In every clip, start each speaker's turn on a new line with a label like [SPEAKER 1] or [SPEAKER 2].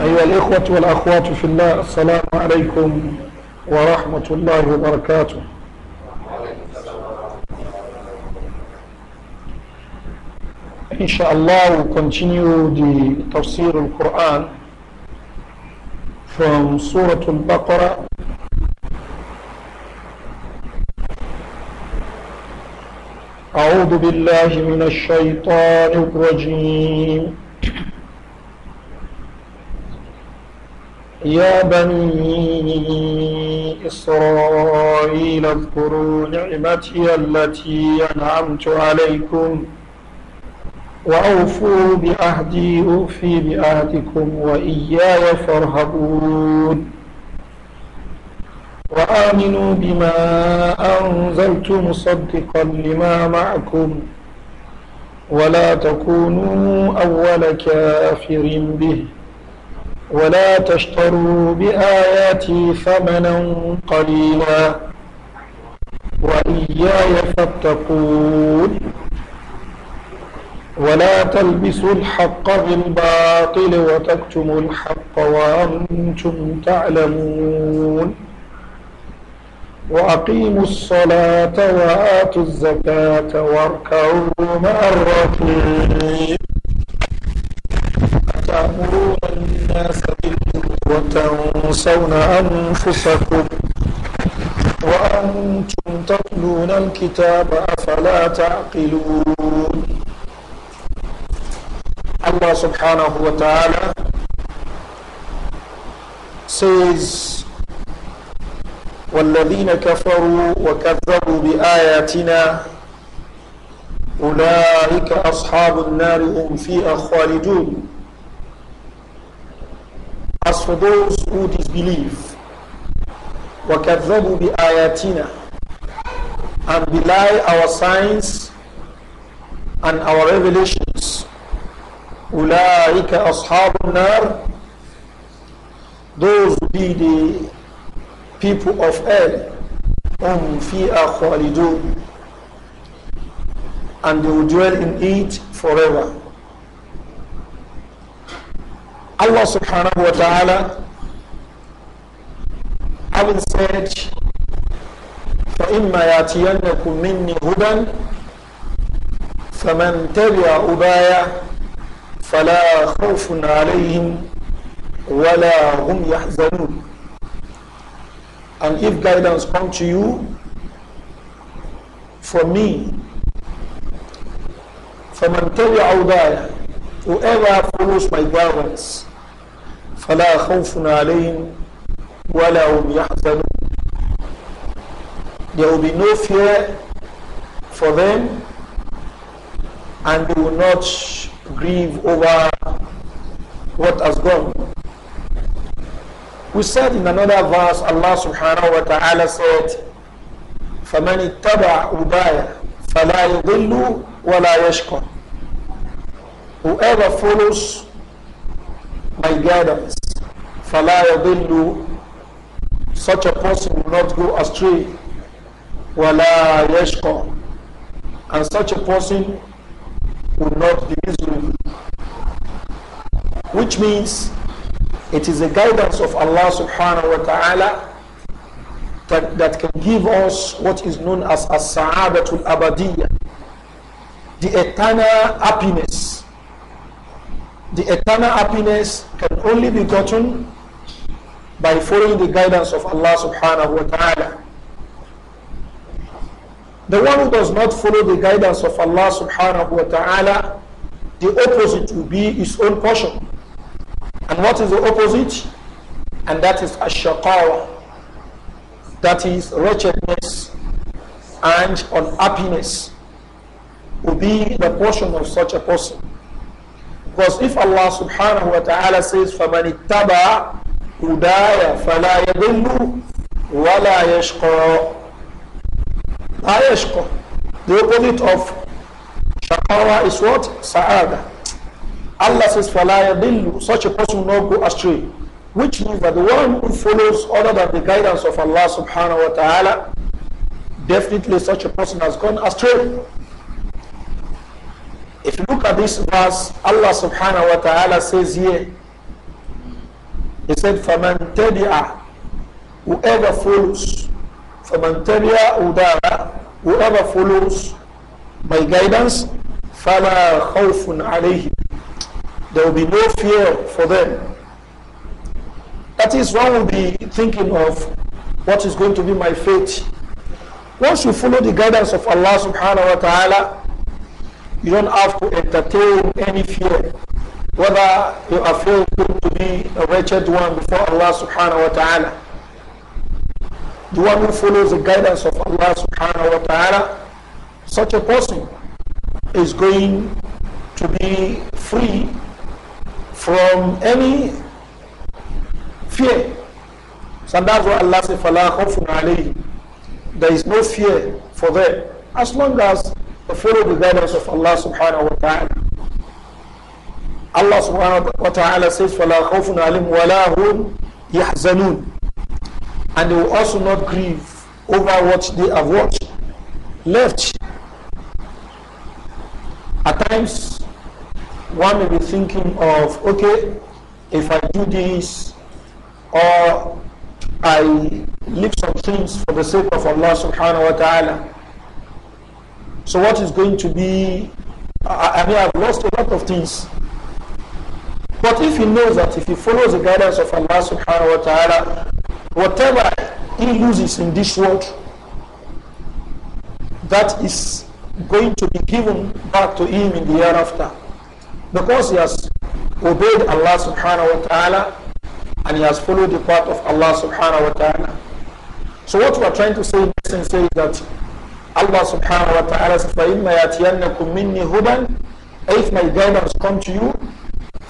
[SPEAKER 1] أيها الإخوة والأخوات في الله السلام عليكم ورحمة الله وبركاته الله we'll continue the تفسير القرآن from سورة البقرة أعوذ بالله من الشيطان الرجيم يا بني إسرائيل اذكروا نعمتي التي أنعمت عليكم وأوفوا بعهدي أوفي بعهدكم وإياي فارهبون وآمنوا بما أنزلت مصدقا لما معكم ولا تكونوا أول كافر به ولا تشتروا بآياتي ثمنا قليلا وإياي فاتقون ولا تلبسوا الحق بالباطل وتكتموا الحق وأنتم تعلمون وأقيموا الصلاة وآتوا الزكاة واركعوا مع الرحيم تأمرون الناس بالبر وتنصون أنفسكم وأنتم تتلون الكتاب أفلا تعقلون الله سبحانه وتعالى says والذين كفروا وكذبوا بآياتنا أولئك أصحاب النار هم فيها خالدون As for those who disbelieve, وَكَذَّبُوا بِآيَاتِنَا and belie our signs and our revelations. أُولَٰئِكَ أَصْحَابُ النَّارِ Those be the people of hell. هُمْ فِيهَا خَالِدُونَ And they will dwell in it forever. Allah subhanahu wa ta'ala having said فإما يأتينكم مني هدى فمن تبع هداي فلا خوف عليهم ولا هم يحزنون And if guidance come to you for me فمن تبع هداي whoever follows my guidance فلا خوف عليهم ولا هم يحزنون There will be no fear for them and they will not grieve over what has gone. We said in another verse, Allah subhanahu wa ta'ala said, فَمَنِ اتَّبَعْ عُبَايَ فَلَا يُضِلُّ وَلَا يَشْقَى Whoever follows My guidance. فَلَا يَضِلُّ Such a person will not go astray. وَلَا يَشْقَى And such a person will not be miserable. Which means it is the guidance of Allah subhanahu wa ta'ala that, that can give us what is known as as sahabatul abadiyya, the eternal happiness the eternal happiness can only be gotten by following the guidance of Allah subhanahu wa ta'ala. The one who does not follow the guidance of Allah subhanahu wa ta'ala, the opposite will be his own portion. And what is the opposite? And that is ashaqawa. That is wretchedness and unhappiness will be the portion of such a person. Because if Allah subhanahu wa ta'ala says, فَمَنِ اتَّبَعَ هُدَايَ فَلَا يَضِلُّ وَلَا يشقى La yashqa. The opposite of shaqawa is what? سعادة Allah says, فلا يضل Such a person will not go astray. Which means that the one who follows other than the guidance of Allah subhanahu wa ta'ala, definitely such a person has gone astray. If you look at this verse, Allah subhanahu wa ta'ala says here, He said, فَمَنْ تَبِعَ Whoever follows, فَمَنْ تَبِعَ udara, Whoever follows my guidance, فَلَا خَوْفٌ عَلَيْهِ There will be no fear for them. That is, one will be thinking of what is going to be my fate. Once you follow the guidance of Allah subhanahu wa ta'ala, you don't have to entertain any fear. Whether you are fearful to be a wretched one before Allah subhanahu wa ta'ala. The one who follows the guidance of Allah subhanahu wa ta'ala, such a person is going to be free from any fear. So that's why Allah says, There is no fear for them as long as follow the guidance of Allah subhanahu wa ta'ala. Allah subhanahu wa ta'ala says, فَلَا خَوْفٌ عَلِمْ وَلَا هُمْ يَحْزَنُونَ And they will also not grieve over what they have watched, left. At times, one may be thinking of, okay, if I do this, or I leave some things for the sake of Allah subhanahu wa ta'ala, So what is going to be? I, I mean, I've lost a lot of things. But if he knows that if he follows the guidance of Allah subhanahu wa ta'ala, whatever he loses in this world, that is going to be given back to him in the hereafter. Because he has obeyed Allah subhanahu wa ta'ala and he has followed the path of Allah subhanahu wa ta'ala. So what we are trying to say in essence, is that Allah subhanahu wa ta'ala says, فَإِمَّا يَأْتِيَنَّكُمْ مِنِّي هُدًا If my guidance come to you,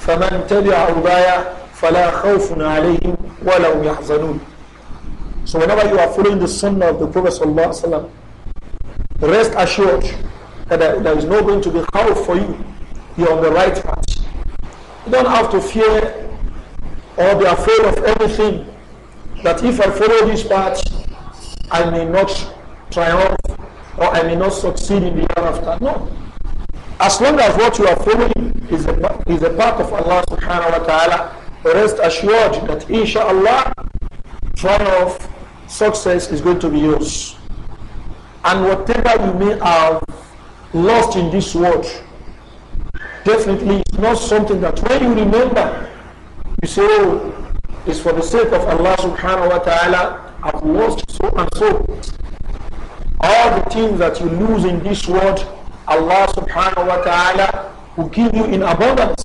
[SPEAKER 1] فَمَنْ تَبِعَ هُدَايَ فَلَا خَوْفٌ عَلَيْهِمْ وَلَا يَحْزَنُونَ So whenever you are following the sunnah of the Prophet sallallahu wa sallam, rest assured that there is no going to be khawf for you. You are on the right path. You don't have to fear or be afraid of anything that if I follow this path, I may not triumph or I may not succeed in the after. No. As long as what you are following is a, is a part of Allah subhanahu wa ta'ala, rest assured that insha'Allah, triumph, success is going to be yours. And whatever you may have lost in this world, definitely it's not something that when you remember, you say, oh, it's for the sake of Allah subhanahu wa ta'ala, I've lost so and so. All the things that you lose in this world, Allah subhanahu wa ta'ala will give you in abundance.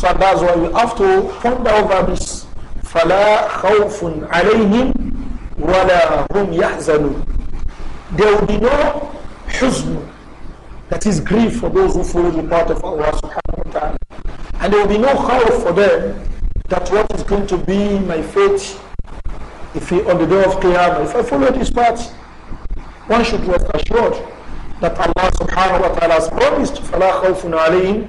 [SPEAKER 1] So that's why you have to ponder over this. فَلَا خَوْفٌ عَلَيْهِمْ وَلَا هُمْ يَحْزَنُونَ There will be no huzn, that is grief for those who follow the path of Allah subhanahu wa ta'ala. And there will be no khawf for them that what is going to be my fate if he, on the day of Qiyamah, if I follow this path, one should rest assured that Allah subhanahu wa ta'ala has promised, فَلَا خَوْفٌ عَلَيْهِمْ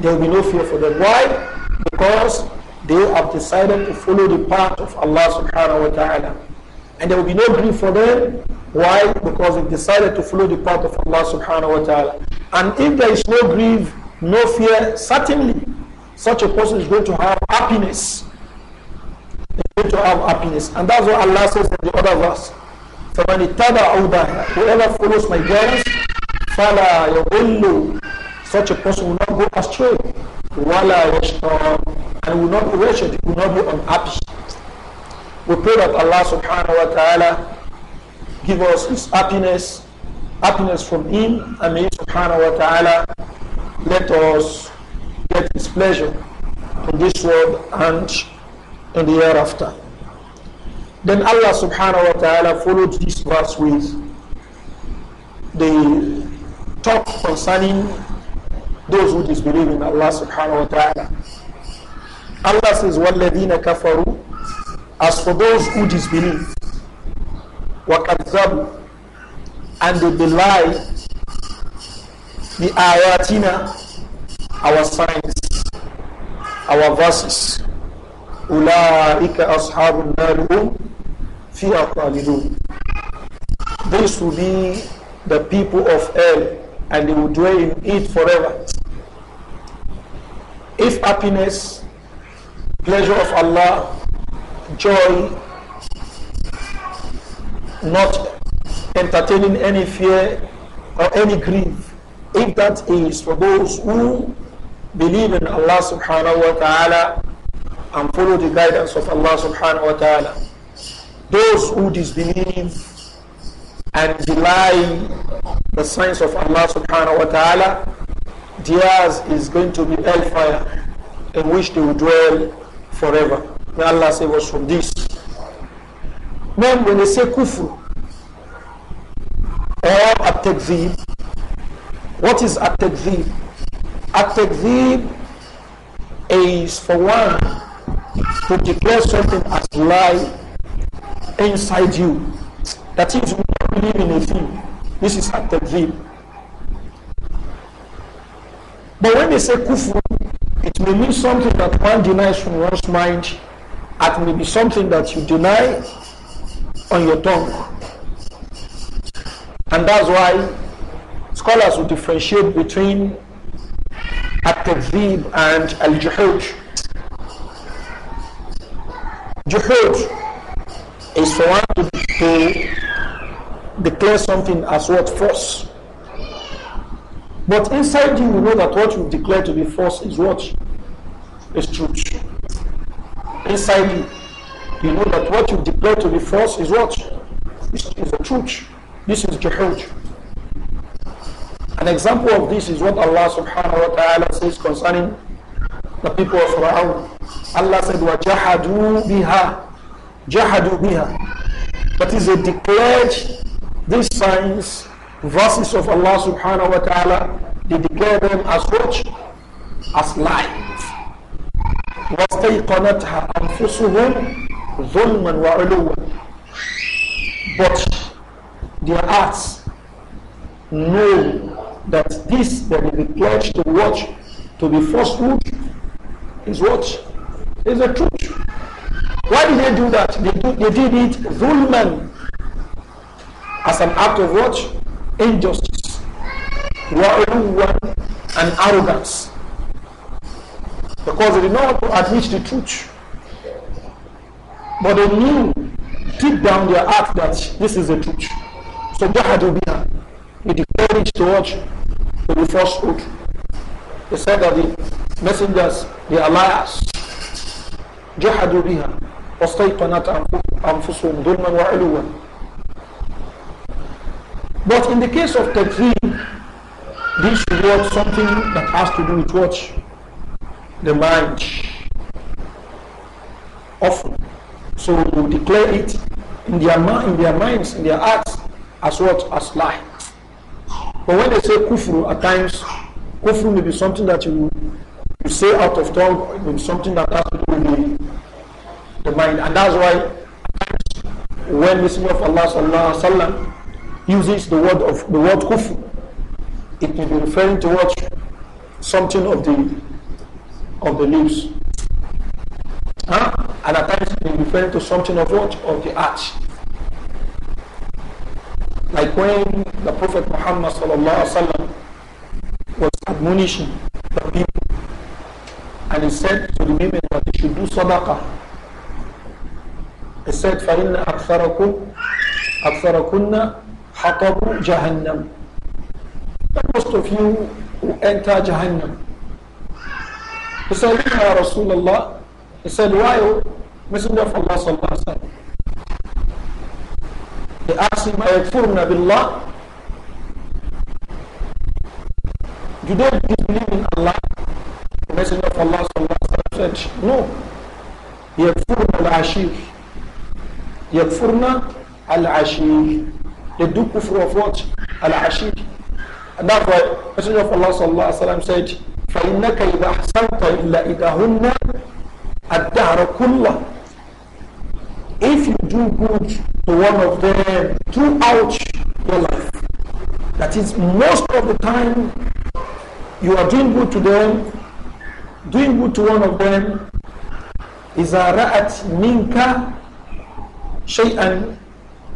[SPEAKER 1] There will be no fear for them. Why? Because they have decided to follow the path of Allah subhanahu wa ta'ala. And there will be no grief for them. Why? Because they decided to follow the path of Allah subhanahu wa ta'ala. And if there is no grief, no fear, certainly such a person is going to have happiness going to have happiness. And that's what Allah says in the other verse. فَمَنِ اتَّبَعُ هُدَايَا Whoever follows my guidance, فَلَا يَضِلُّ Such a person will not go astray. وَلَا And will not be wretched, will not be unhappy. We pray that Allah subhanahu wa ta'ala give us his happiness, happiness from him, and may subhanahu wa ta'ala let us get his pleasure in this world and in the after, Then Allah subhanahu wa ta'ala followed this verse with the talk concerning those who disbelieve in Allah subhanahu wa ta'ala. Allah says, وَالَّذِينَ kafaru." As for those who disbelieve, وَكَذَّبُوا And they belie the ayatina, our signs, our verses. أولئك أصحاب النار هم فيها خالدون These will be the people of hell and they will dwell in it forever. If happiness, pleasure of Allah, joy, not entertaining any fear or any grief, if that is for those who believe in Allah subhanahu wa ta'ala and follow the guidance of Allah subhanahu wa ta'ala. Those who disbelieve and deny the signs of Allah subhanahu wa ta'ala, theirs is going to be hellfire in which they will dwell forever. May Allah save us from this. Then when they say kufr or at-takzib, what is at-takzib? At-takzib is for one to declare something as lie inside you. That is, we don't believe in a thing. This is at the dream. But when they say kufu, it may mean something that one denies from one's mind. It may be something that you deny on your tongue. And that's why scholars will differentiate between at-tadhib and al-juhud. Juhud is for one to, to declare something as what false. But inside you, you know that what you declare to be false is what is truth. Inside you, you know that what you declare to be false is what is, is the truth. This is jihad. An example of this is what Allah subhanahu wa ta'ala says concerning the people of Fir'aun. Allah said, وَجَحَدُوا biha, Jahadu biha. That is, they declared these signs, verses of Allah subhanahu wa ta'ala, they declared them as what? As lies. وَاسْتَيْقَنَتْهَا أَنفُسُهُمْ ظُلْمًا وَعُلُوًا But their hearts know that this that they declared to watch to be falsehood is what? Is the truth. Why did they do that? They, do, they did it zulman as an act of what? Injustice. and arrogance. Because they did not want to admit the truth. But they knew deep down their heart that this is the truth. So jahadu biha. They declared it to watch. To the falsehood. They said that the messengers they are liars جحدوا بها واستيقنت أنفسهم ظلما وعلوا But in the case of Takfir, this was something that has to do with what? The mind. Often. So to declare it in their, mind in their minds, in their hearts, as what? As lie. But when they say kufru at times, kufru may be something that you you say out of tongue in something that has to do with the, the mind. And that's why when Messenger of Allah sallallahu alaihi wasallam uses the word of the word kufu, it may be referring to what something of the of the leaves, Huh? And at times it may be referring to something of what? Of the arch, Like when the Prophet Muhammad sallallahu alaihi wasallam was admonishing the people عليه السيد سليمان ما تشدوا صدقه السيد فان اكثركم اكثركن حطب جهنم most of you who enter جهنم فسالوا يا رسول الله فسال وايو مسند of الله صلى الله عليه وسلم they ask him ايكفرنا بالله you don't believe in Allah Messenger of Allah sallallahu said, No. Yakfurna al-ashir. Yakfurna al-ashir. They do kufr of what? Al-ashir. And that's why Messenger of Allah sallallahu وسلم, said, فَإِنَّكَ إِذَا أَحْسَنْتَ إِلَّا إِذَهُنَّ الدَّهْرَ كُلَّهُ If you do good to one of them throughout your life, that is most of the time you are doing good to them doing good to one of them is a رأت minka شيئا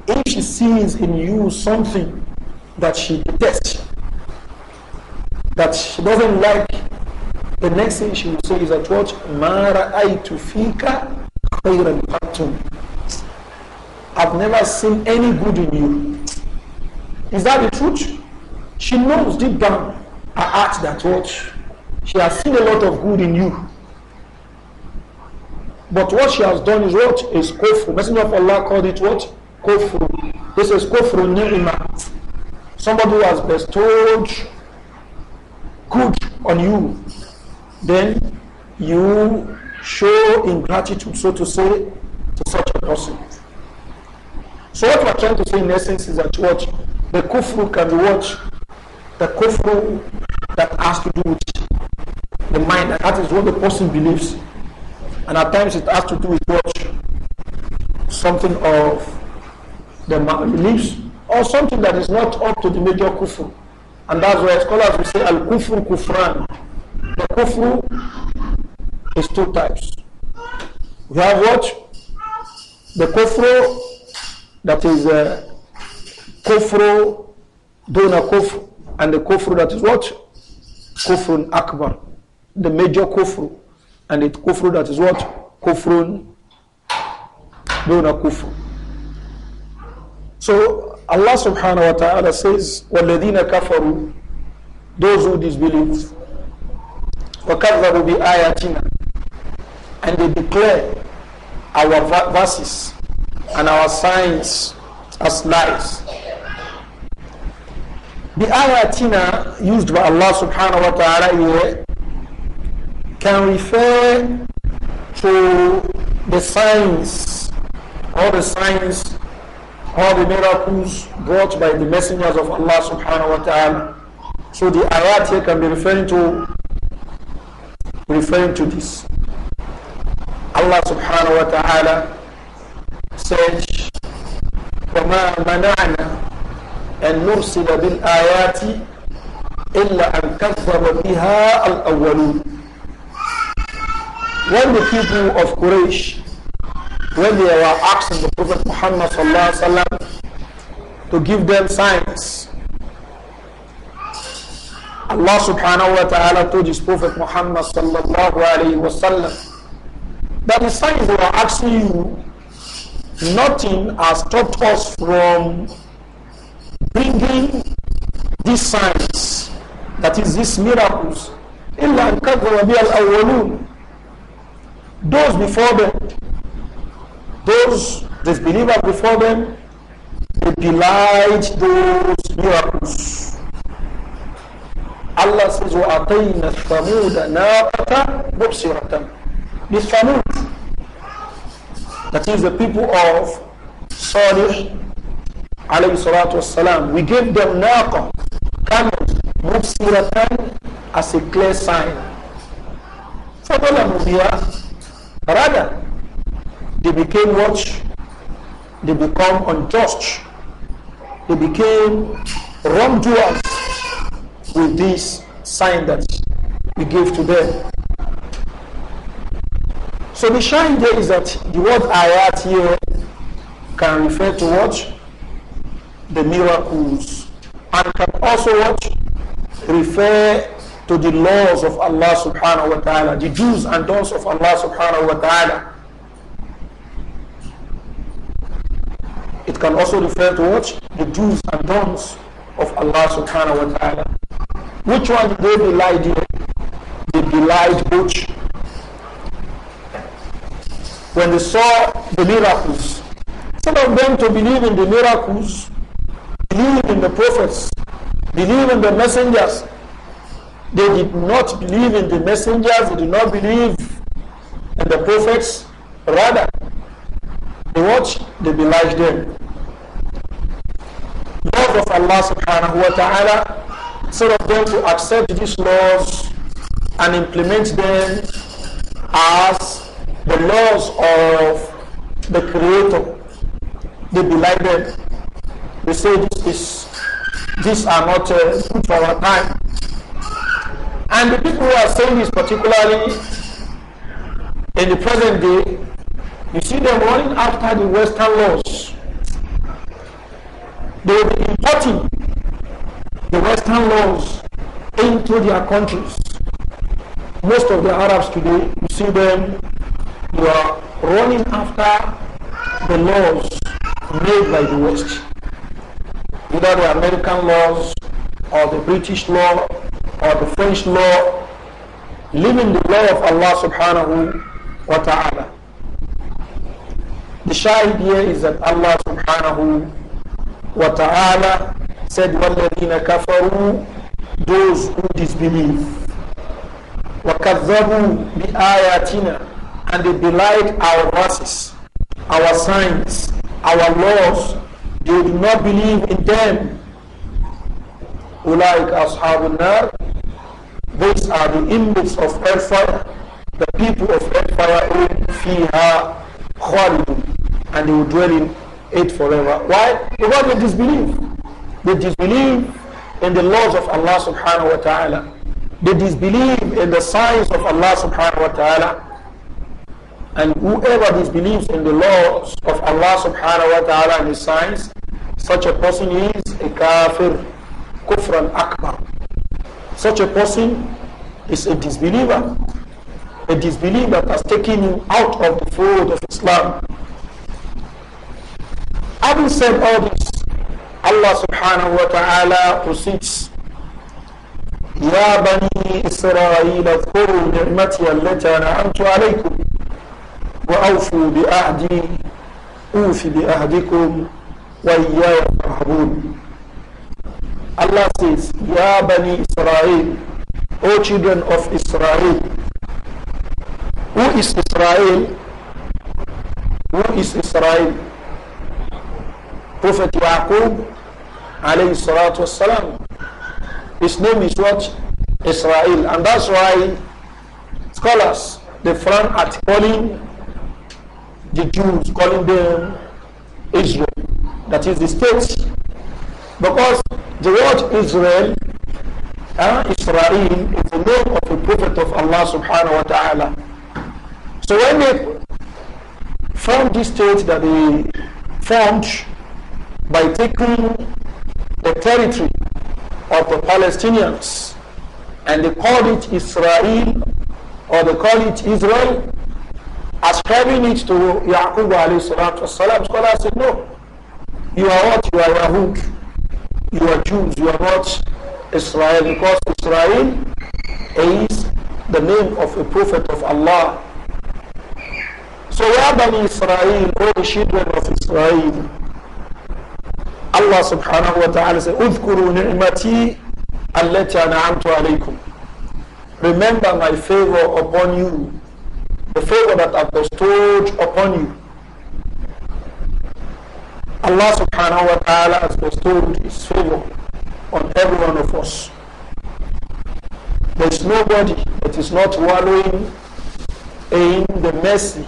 [SPEAKER 1] if she sees in you something that she detests that she doesn't like the next thing she will say is that what mara ay فيك خيرا I've never seen any good in you is that the truth she knows deep down her heart that what she has seen a lot of good in you. But what she has done is what? Is kufr. Messenger of Allah called it what? Kufr. This is kufr ni'ma. Somebody who has bestowed good on you. Then you show ingratitude, so to say, to such a person. So what we're trying to say in essence is that what the kufru can be what the kufru that has to do with the mind. That is what the person believes. And at times it has to do with what? Something of the beliefs or something that is not up to the major kufr. And that's why scholars will say al kufr kufran. The kufr is two types. We have what? The kufr that is uh, dona kufr and the kufr that is what? Kufrun akbar the major kufru, and it kufru that is what? Kufrun duna kufru. So Allah subhanahu wa ta'ala says, waladina kafaru, Those who disbelieve. وَكَذَّبُوا بِآيَاتِنَا And they declare our verses and our signs as lies. The ayatina used by Allah subhanahu wa ta'ala can refer to the signs, all the signs, all the miracles brought by the messengers of Allah subhanahu wa ta'ala. So the ayat here can be referring to referring to this. Allah subhanahu wa ta'ala said وما منعنا أن نرسل بالآيات إلا أن كذب بها الأولون when the people of Quraysh, when they were asking the Prophet Muhammad وسلم, to give them signs, Allah subhanahu wa ta'ala told his Prophet Muhammad sallallahu alayhi wasallam that the signs they were asking you, nothing has stopped us from bringing these signs, that is, these miracles. إِلَّا أَنْ كَذَّبَ بِهَا الْأَوَّلُونَ those before them, those disbelievers before them, they delight those miracles. Allah says, وَأَطَيْنَا الثَّمُودَ نَاقَةً مُبْصِرَةً The Thamud, that is the people of Salih, alayhi salatu wasalam, we gave them naqa, camels, mubsiratan, as a clear sign. فَضَلَ مُبِيَةً Rather, they became what? They become unjust. They became wrongdoers with this sign that we gave to them. So the shine there is that the word ayat here can refer to what? The miracles. And can also what? Refer to the laws of Allah subhanahu wa ta'ala, the do's and don'ts of Allah subhanahu wa ta'ala. It can also refer to what? The do's and don'ts of Allah subhanahu wa ta'ala. Which one did they belied you? They belied which? When they saw the miracles, some of them to believe in the miracles, believe in the prophets, believe in the messengers, they did not believe in the messengers, they did not believe in the prophets. Rather, they watched, they belied them. Love of Allah subhanahu wa ta'ala, instead of them to accept these laws and implement them as the laws of the Creator, they belied them. They say this is, these are not uh, good for our time. And the people who are saying this, particularly in the present day, you see them running after the Western laws. They will be importing the Western laws into their countries. Most of the Arabs today, you see them, they are running after the laws made by the West. Either the American laws or the British law or the French law, leaving the law of Allah subhanahu wa ta'ala. The shahid here is that Allah subhanahu wa ta'ala said, وَالَّذِينَ كَفَرُوا Those who disbelieve. وَكَذَّبُوا بِآيَاتِنَا And they belied our verses, our signs, our laws. They do not believe in them. أُولَٰئِكَ أَصْحَابُ النَّارِ these are the inmates of hellfire, the people of hellfire who fiha khalidun, and they will dwell in it forever. Why? Because they disbelieve. They disbelieve in the laws of Allah subhanahu wa ta'ala. They disbelieve in the signs of Allah subhanahu wa ta'ala. And whoever disbelieves in the laws of Allah subhanahu wa ta'ala and his signs, such a person is a kafir, kufran akbar. Such a person is a disbeliever. A disbeliever has taken him out of the fold of Islam. Having said all this, Allah subhanahu wa ta'ala proceeds يا بني إسرائيل اذكروا نعمتي التي أنعمت عليكم وأوفوا بأهدي أوفي بأهدكم وإياي فارهبون Allah says, Ya Bani Israel, O children of Israel. Who is Israel? Who is Israel? Prophet Yaqub, alayhi salatu wasalam. His name is what? Israel. And that's why scholars, the front at calling the Jews, calling them Israel. That is the state Because the word Israel, uh, Israel, is the name of the Prophet of Allah subhanahu wa ta'ala. So when they formed this state that they formed by taking the territory of the Palestinians and they called it Israel or they called it Israel, ascribing it to Yaqub alayhi salatu scholars said, no, you are what? You are Yahud you are Jews, you are not Israel, because Israel is the name of a prophet of Allah. So Ya Bani Israel, all the children of Israel, Allah subhanahu wa ta'ala says, اذكروا نعمتي التي أنعمت Remember my favor upon you, the favor that I bestowed upon you. Allah subhanahu wa ta'ala has bestowed His favor on every one of us. There is nobody that is not wallowing in the mercy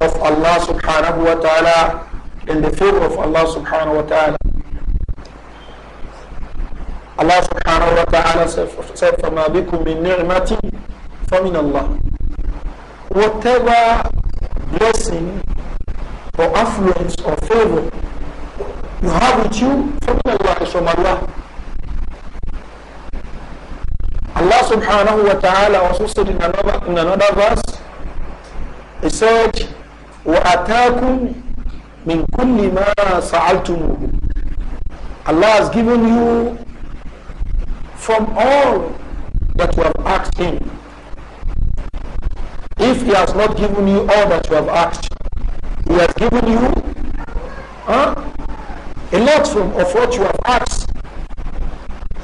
[SPEAKER 1] of Allah subhanahu wa ta'ala in the favor of Allah subhanahu wa ta'ala. Allah subhanahu wa ta'ala said, فَمَا بِكُم مِّن نِعْمَةٍ فَمِنَ اللَّهِ Whatever blessing or affluence or favor you have with you from Allah from Allah. Allah subhanahu wa ta'ala also said in another, in another verse, He said, وَأَتَاكُمْ مِنْ كُلِّ مَا سَعَلْتُمُهُ Allah has given you from all that you have asked Him. If He has not given you all that you have asked, he has given you huh, a lot from, of what you have asked.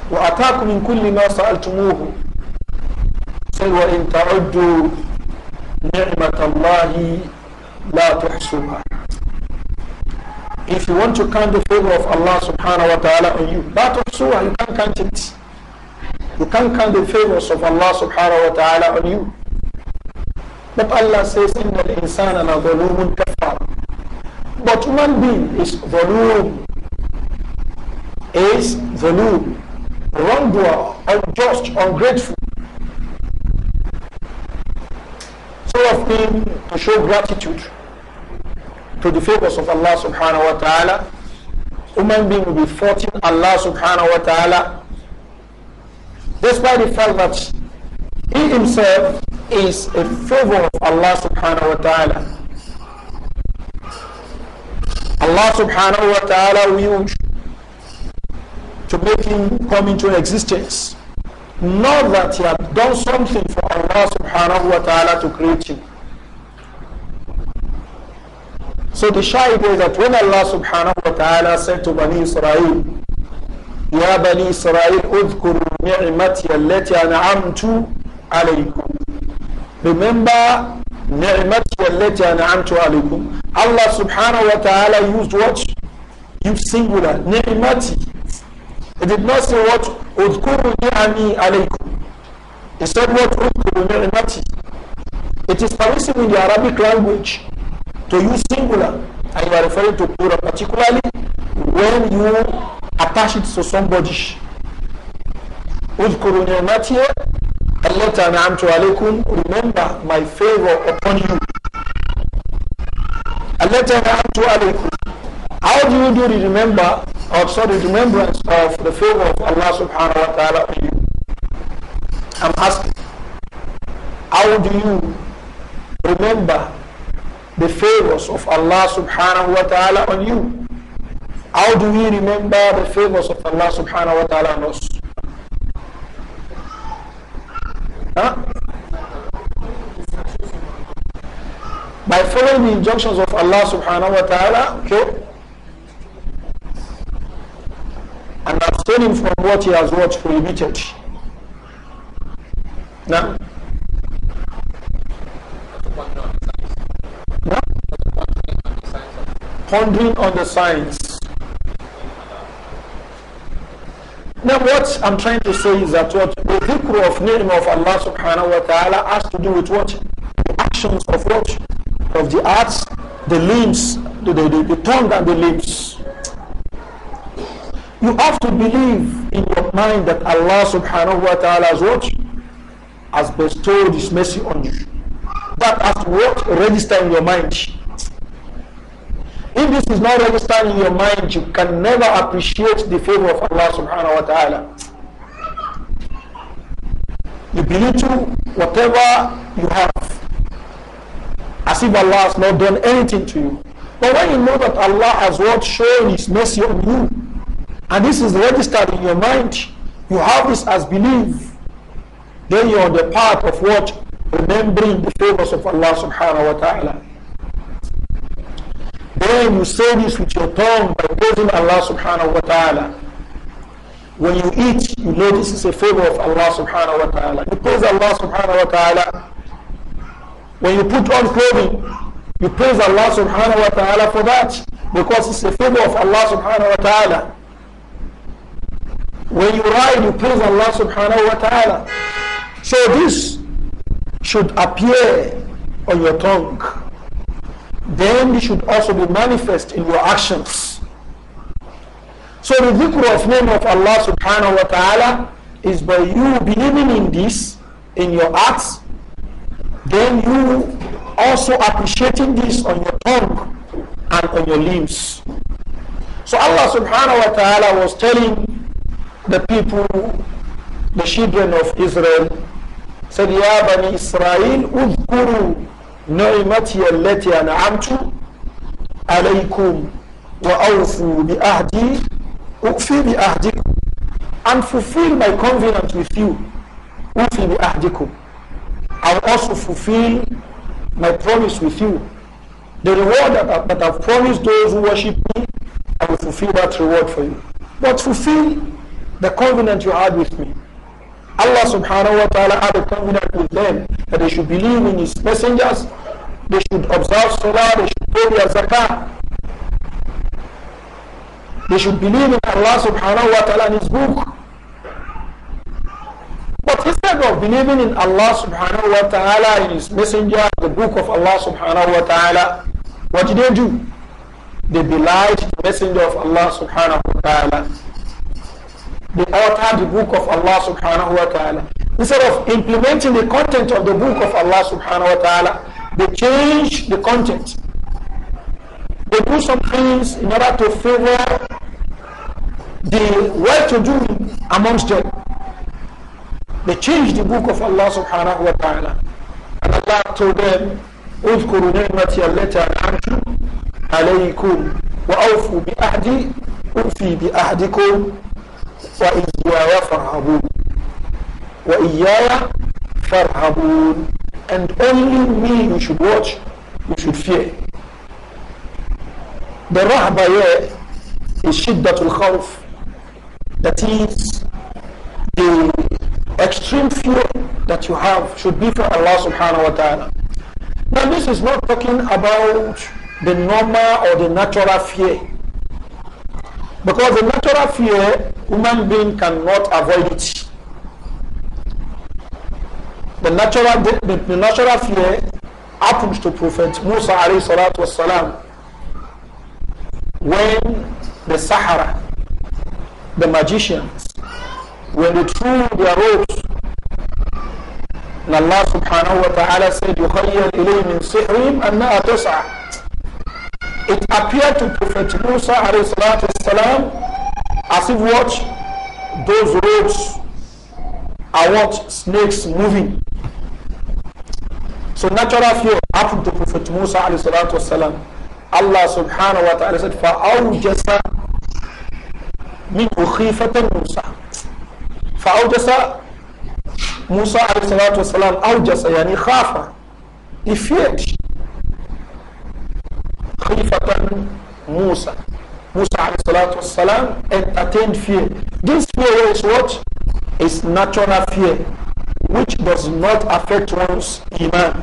[SPEAKER 1] وَأَتَاكُمْ مِنْ كُلِّ مَا سَأَلْتُمُوهُ said وَإِنْ تَعُدُّوا نِعْمَةَ اللَّهِ لَا تُحْصُوهَا If you want to count the favor of Allah subhanahu wa ta'ala on you, لَا تُحْصُوهَا You can't count it. You can't count the favors of Allah subhanahu wa ta'ala on you. But Allah says, the al-insana la volumun kafar. But human being is volum, is volum, wrongdoer, unjust, ungrateful. So of him to show gratitude to the favors of Allah subhanahu wa ta'ala, human being will be faulting Allah subhanahu wa ta'ala despite the fact that he himself is a favor of Allah subhanahu wa ta'ala. Allah subhanahu wa ta'ala will to make him come into existence. Not that he had done something for Allah subhanahu wa ta'ala to create him. So the shahid is that when Allah subhanahu wa ta'ala said to Bani Israel, Ya Bani Israel, اذكروا نعمتي التي أنعمت alaykum. Remember ni'mati allati an'amtu alaykum. Allah subhanahu wa ta'ala used what? Used singular. Ni'mati. He did not say what? Udkuru ni'ami alaykum. He said what? Udkuru ni'mati. It is permissible in the Arabic language to use singular. And you are referring to plural, particularly when you attach it to somebody. Udkuru ni'mati Allah ta'amtu alaykum, remember my favor upon you. Allah ta'amtu alaykum. How do you do the remember, or sorry, remembrance of the favor of Allah subhanahu wa ta'ala on you? I'm asking, how do you remember the favors of Allah subhanahu wa ta'ala on you? How do we remember the favors of Allah subhanahu wa ta'ala on us? Huh? By following the injunctions of Allah subhanahu wa ta'ala, okay? And abstaining from what he has what prohibited. Now, pondering on the signs Now what I'm trying to say is that what the dhikr of name of Allah subhanahu wa ta'ala has to do with what? The actions of what? Of the arts, the limbs, the, the, the, the tongue and the limbs. You have to believe in your mind that Allah subhanahu wa ta'ala has what? Has bestowed His mercy on you. That has what? Register in your mind. If this is not registered in your mind, you can never appreciate the favor of Allah subhanahu wa ta'ala. You believe to whatever you have. As if Allah has not done anything to you. But when you know that Allah has what shown His mercy on you, and this is registered in your mind, you have this as belief, then you're on the path of what? Remembering the favors of Allah subhanahu wa ta'ala. Then you say this with your tongue by praising Allah subhanahu wa ta'ala. When you eat, you know this is a favor of Allah subhanahu wa ta'ala. You praise Allah subhanahu wa ta'ala. When you put on clothing, you praise Allah subhanahu wa ta'ala for that because it's a favor of Allah subhanahu wa ta'ala. When you ride, you praise Allah subhanahu wa ta'ala. So this should appear on your tongue then it should also be manifest in your actions. So the dhikr of name of Allah subhanahu wa ta'ala is by you believing in this in your acts, then you also appreciating this on your tongue and on your limbs. So Allah subhanahu wa ta'ala was telling the people, the children of Israel, said, Ya Bani Israel, udhkuru نعمتي التي أنعمت عليكم وأوفوا بأهدي أوفي بأهدكم and fulfill my covenant with you أوفي بأهدكم I'll also fulfill my promise with you the reward that, that I've promised those who worship me I will fulfill that reward for you but fulfill the covenant you had with me Allah subhanahu wa ta'ala had a covenant with them that they should believe in his messengers, they should observe salah, they should pay their zakah. They should believe in Allah subhanahu wa ta'ala and his book. But instead of believing in Allah subhanahu wa ta'ala, and his messenger, the book of Allah subhanahu wa ta'ala, what did they do? They belied the messenger of Allah subhanahu wa ta'ala they alter the book of Allah subhanahu wa ta'ala. Instead of implementing the content of the book of Allah subhanahu wa ta'ala, they change the content. They do some things in order to favor the well-to-do amongst them. They change the book of Allah subhanahu wa ta'ala. And Allah told them, اذكروا نعمتي التي أنعمت عليكم وأوفوا بأهدي أوفي بأهدكم فَإِيَّايَ فَارْهَبُونَ وَإِيَّايَ فَارْهَبُونَ And only me you should watch, you should fear. The rahba here is shiddatul khawf. That is, the extreme fear that you have should be for Allah subhanahu wa ta'ala. Now this is not talking about the normal or the natural fear Because the natural fear, human being cannot avoid it. The natural, the, the natural fear happens to Prophet Musa alayhi salatu wasalam when the Sahara, the magicians, when they threw their ropes, and Allah subhanahu wa ta'ala said, يُخَيَّلْ إِلَيْهِ مِنْ سِحْرِهِمْ أَنَّهَا تُسْعَى it appeared to Prophet Musa والسلام, as if what those roads are what snakes moving. So natural fear happened to Prophet Musa والسلام. Allah subhanahu wa ta'ala said, فَأَوْجَسَ مِنْهُ خِيفَةً مُوسَى فَأَوْجَسَ Musa عليه الصلاة والسلام أوجس يعني خاف he feared Khalifatan Musa. Musa والسلام, entertained fear. This fear is what? Is natural fear, which does not affect one's iman.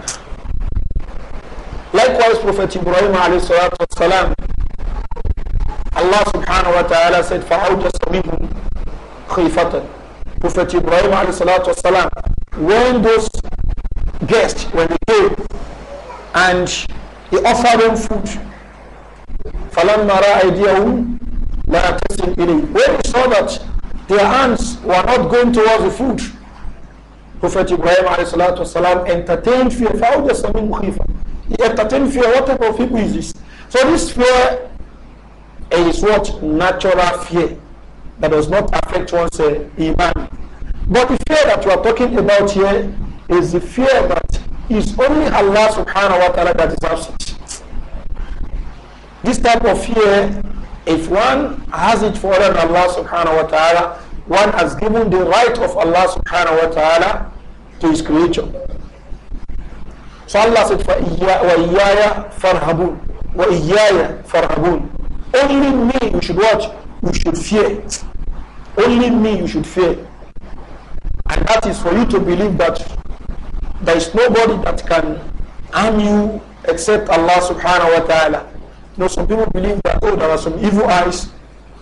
[SPEAKER 1] Likewise, Prophet Ibrahim والسلام, Allah subhanahu wa ta'ala said, فَأَوْجَسَ مِنْهُمْ خِيفَةً Prophet Ibrahim والسلام, when those guests, when they came, and he offered them food, فَلَمَّا رَأَ أَيْدِيَهُمْ لَا تَسِمْ إِلَيْهِ When he saw that their hands were not going towards the food, Prophet Ibrahim والسلام, entertained fear. He entertained fear. What type of people is this? So this fear is what? Natural fear that does not affect one's uh, iman. But the fear that we are talking about here is the fear that is only Allah subhanahu wa ta'ala that is absent. This type of fear, if one has it for Allah subhanahu wa ta'ala, one has given the right of Allah subhanahu wa ta'ala to his creature. So Allah said, وَإِيَّايَ فَارْهَبُونَ وَإِيَّايَ فَارْهَبُونَ Only me you should watch, you should fear. Only me you should fear. And that is for you to believe that there is nobody that can harm you except Allah subhanahu wa ta'ala. You know, some people believe that, oh, there are some evil eyes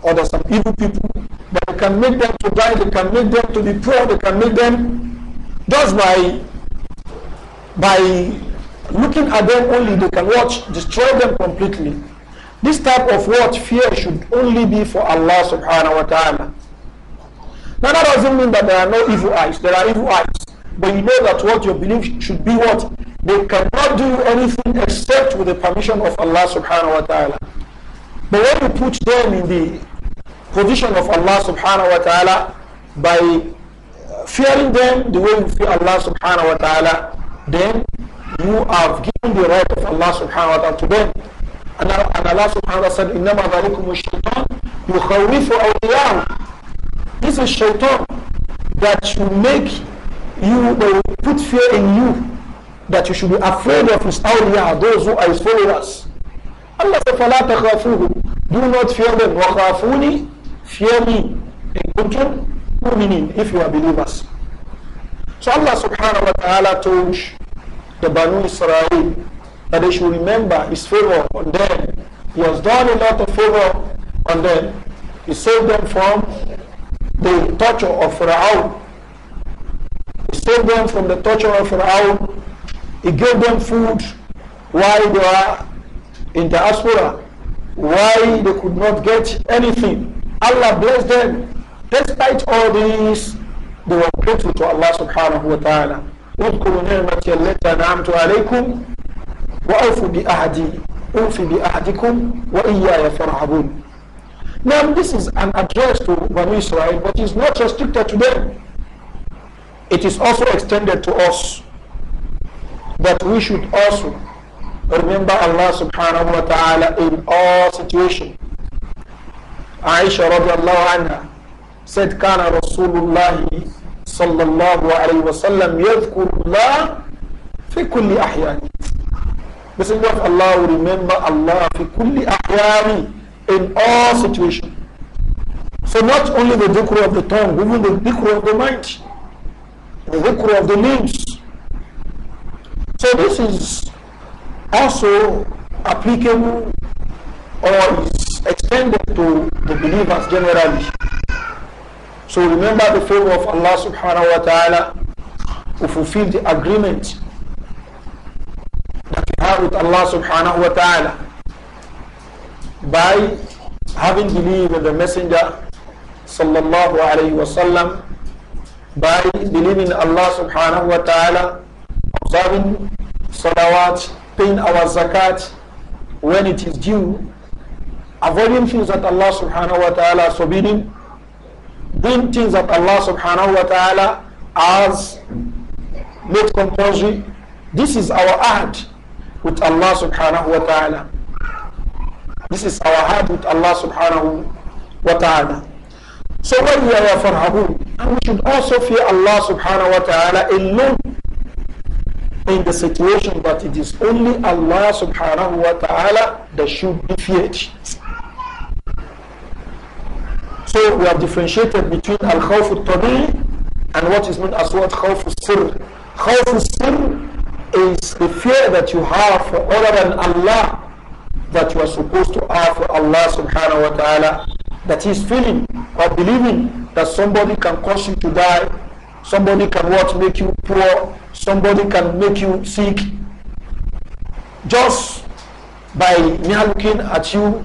[SPEAKER 1] or there are some evil people that can make them to die, they can make them to be poor, they can make them just by by looking at them only, they can watch, destroy them completely. This type of what fear should only be for Allah subhanahu wa ta'ala. Now that doesn't mean that there are no evil eyes, there are evil eyes. But you know that what your belief should be what? They cannot do anything except with the permission of Allah subhanahu wa ta'ala. But when you put them in the position of Allah subhanahu wa ta'ala by uh, fearing them the way you fear Allah subhanahu wa ta'ala, then you have given the right of Allah subhanahu wa ta'ala to them. And, uh, Allah subhanahu wa ta'ala said, إِنَّمَا ذَلِكُمُ الشَّيْطَانُ يُخَوِّفُ أَوْلِيَاهُ This is shaitan that should make you, They will put fear in you that you should be afraid of his awliya, those who are his followers. Allah said, فَلَا تَخَافُوهُ Do not fear them. وَخَافُونِ Fear me. In kuntum mu'minin, if you are believers. So Allah subhanahu wa ta'ala told the Banu Israel that they should remember his favor on them. He has done a lot of favor on them. He saved them from the torture of Pharaoh. He saved them from the torture of Pharaoh he gave them food while they were in diaspora, while they could not get anything. Allah blessed them. Despite all this, they were grateful to Allah subhanahu wa ta'ala. اذكروا نعمتي التي أنعمت عليكم وأوفوا بأهدي أوفي بأهدكم وإياي فارهبون Now this is an address to Banu Israel but it's not restricted to them. It is also extended to us. But we should also remember Allah subhanahu wa ta'ala in all situations. Aisha radiallahu anha said, كان رسول الله صلى الله عليه وسلم يذكر الله في كل أحيانه. Messenger of Allah will remember Allah في كل أحيانه in all situations. So not only the dhikr of the tongue, even the dhikr of the mind, the dhikr of the limbs, so this is also applicable or is extended to the believers generally. So remember the favor of Allah subhanahu wa ta'ala to fulfill the agreement that you have with Allah subhanahu wa ta'ala by having believed in the Messenger sallallahu alayhi wa sallam by believing Allah subhanahu wa ta'ala observing salawat, paying our zakat when it is due, avoiding things that Allah subhanahu wa ta'ala is forbidding, doing things that Allah subhanahu wa ta'ala has made compulsory. This is our ahd with Allah subhanahu wa ta'ala. This is our ahd with Allah subhanahu wa ta'ala. So when we are for and we should also fear Allah subhanahu wa ta'ala alone in the situation that it is only Allah subhanahu wa ta'ala that should be feared. So we have differentiated between al-khawf al and what is known as what khawf al-sir. Khawf sir is the fear that you have for other than Allah that you are supposed to have for Allah subhanahu wa ta'ala that is feeling or believing that somebody can cause you to die Somebody can what? Make you poor. Somebody can make you sick. Just by merely looking at you,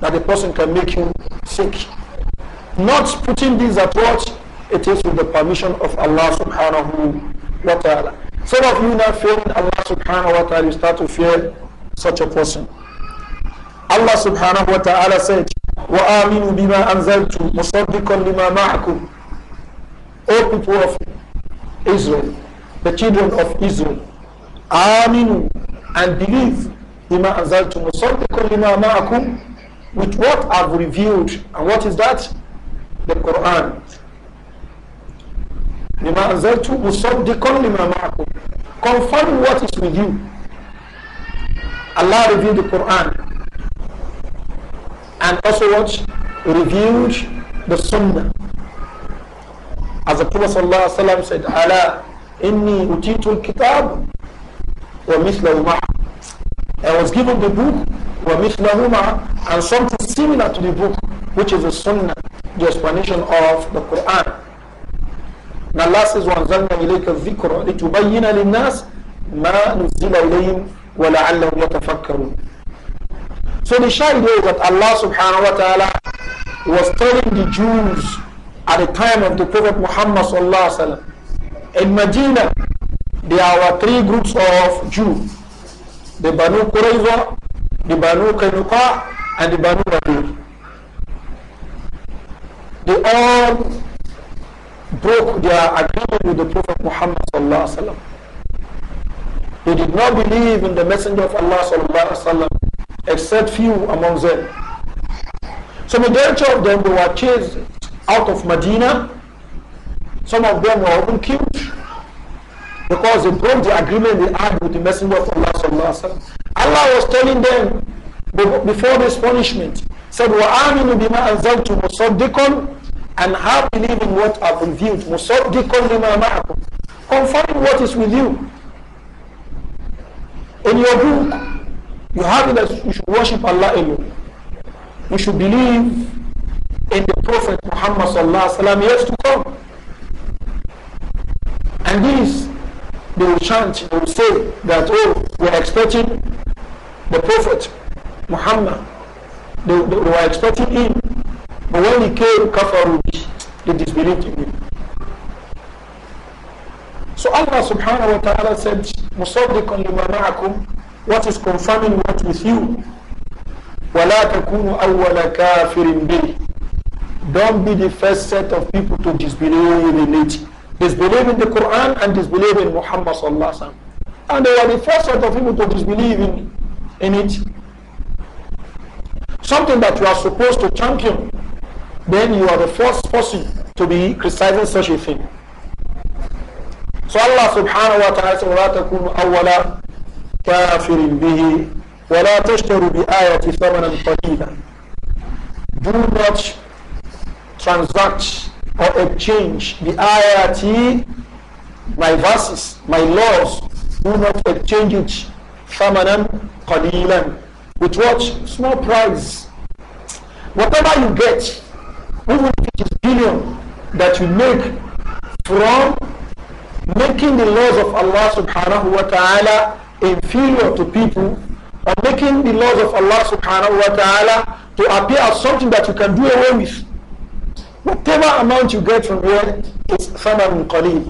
[SPEAKER 1] that the person can make you sick. Not putting this at what? It is with the permission of Allah subhanahu wa ta'ala. Some of you now fearing Allah subhanahu wa ta'ala, you start to fear such a person. Allah subhanahu wa ta'ala said, وَآمِنُوا بِمَا أَنزَلْتُ مُصَدِّقًا لِمَا مَعَكُمْ O people of Israel, the children of Israel, Aminu and believe Bima Anzaltum Musaddiqun lima ma'akum with what I've revealed. And what is that? The Quran. Lima Anzaltum Musaddiqun lima ma'akum Confirm what is with you. Allah revealed the Quran. And also what? Revealed the Sunnah. As the Prophet ﷺ said, Allah, inni utitul kitab wa mithlahu I was given the book wa mithlahu and something similar to the book, which is the sunnah, the explanation of the Quran. Now Allah says, وَأَنزَلْنَا إِلَيْكَ الذِّكْرَ لِتُبَيِّنَ لِلنَّاسِ مَا نُزِّلَ إِلَيْهِمْ وَلَعَلَّهُمْ يَتَفَكَّرُونَ So the shahid is that Allah subhanahu wa ta'ala was telling the Jews at the time of the Prophet Muhammad sallallahu alaihi wasallam. In Medina, there were three groups of Jews: the Banu Qurayza, the Banu Qaynuqa, and the Banu Nadir. They all broke their agreement with the Prophet Muhammad sallallahu alaihi wasallam. They did not believe in the Messenger of Allah sallallahu alaihi wasallam, except few among them. So majority of them they were chased out of Medina. Some of them were even killed because they broke the agreement they had with the Messenger of Allah. Allah was telling them before this punishment, said, وَآمِنُوا بِمَا أَنزَلْتُ مُصَدِّقًا and have believed in what I've revealed. مُصَدِّقًا لِمَا مَعَكُمْ Confirm what is with you. In your book, you have it that you should worship Allah alone. You should believe in the Prophet Muhammad sallam, years to come. And this, they will chant, they will say that, oh, we are expecting the Prophet Muhammad. They, they, they were expecting him. But when he came, kafaru, they disbelieved in him. So Allah subhanahu wa ta'ala said, مُصَدِّقًا لِمَا What is confirming what with you? وَلَا تَكُونُ أَوَّلَ كَافِرٍ بِهِ don't be the first set of people to disbelieve in it. Disbelieve in the Quran and disbelieve in Muhammad sallallahu alaihi wasallam. And they were the first set of people to disbelieve in, in it. Something that you are supposed to champion, then you are the first person to be criticizing such a thing. So Allah subhanahu wa ta'ala says, وَلَا تَكُونُوا أَوَّلَا كَافِرٍ بِهِ وَلَا تَشْتَرُوا بِآيَةِ ثَمَنًا قَلِيلًا Do not transact or exchange the IRT, my verses, my laws, do not exchange it. Thamanan qalilan. With what? Small price. Whatever you get, even if it is billion that you make from making the laws of Allah subhanahu wa ta'ala inferior to people or making the laws of Allah subhanahu wa ta'ala to appear as something that you can do away with. Whatever amount you get from here is thaman qaleel.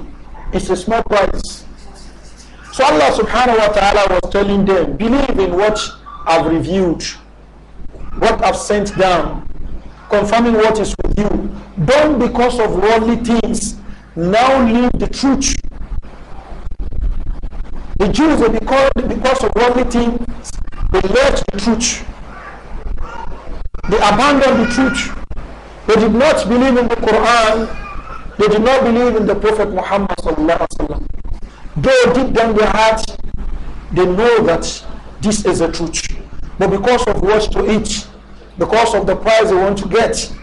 [SPEAKER 1] It's a small price. So Allah subhanahu wa ta'ala was telling them, believe in what I've reviewed, what I've sent down, confirming what is with you. Don't because of worldly things now leave the truth. The Jews were because, because of worldly things, they left the truth. They abandoned the truth. They did not believe in the Quran. They did not believe in the Prophet Muhammad sallallahu alaihi wasallam. Though deep down their heart, they know that this is the truth. But because of what to eat, because of the prize they want to get,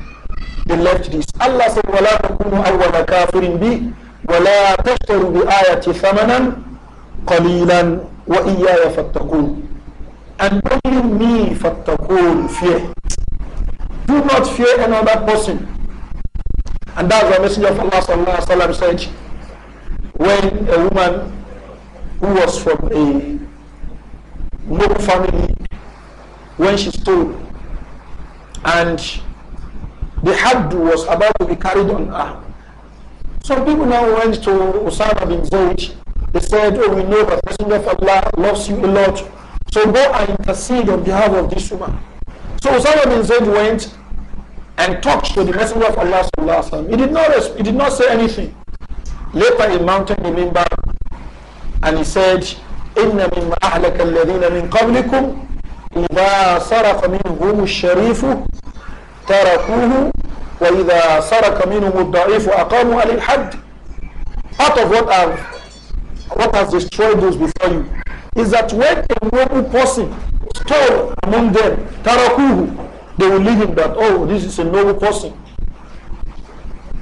[SPEAKER 1] they left this. Allah said, وَلَا تَكُونُوا أَوَّلَ كَافِرٍ بِي وَلَا تَشْتَرُوا بِآيَةِ ثَمَنًا قَلِيلًا وَإِيَّايَ فَاتَّقُونَ And only me فَاتَّقُونَ fear. Do not fear another person. And that's the Messenger of Allah sallallahu alaihi wasallam said when a woman who was from a noble family, when she stole, and the haddu was about to be carried on her. Some people now went to Osama bin Zayd. They said, oh, we know that Messenger of Allah loves you a lot. So go and intercede on behalf of this woman. So Osama bin Zayd went and talked to the Messenger of Allah. Sallallahu he did not he did not say anything. Later he mounted the member and he said, "Inna إن مما أهلك الذين من قبلكم إذا سرق منهم الشريف تركوه وإذا سرق منهم الضعيف أقاموا عليه الحد Part of what have what has destroyed those before you is that when a noble person stole among them tarakuhu. They will lead him that, oh, this is a noble person.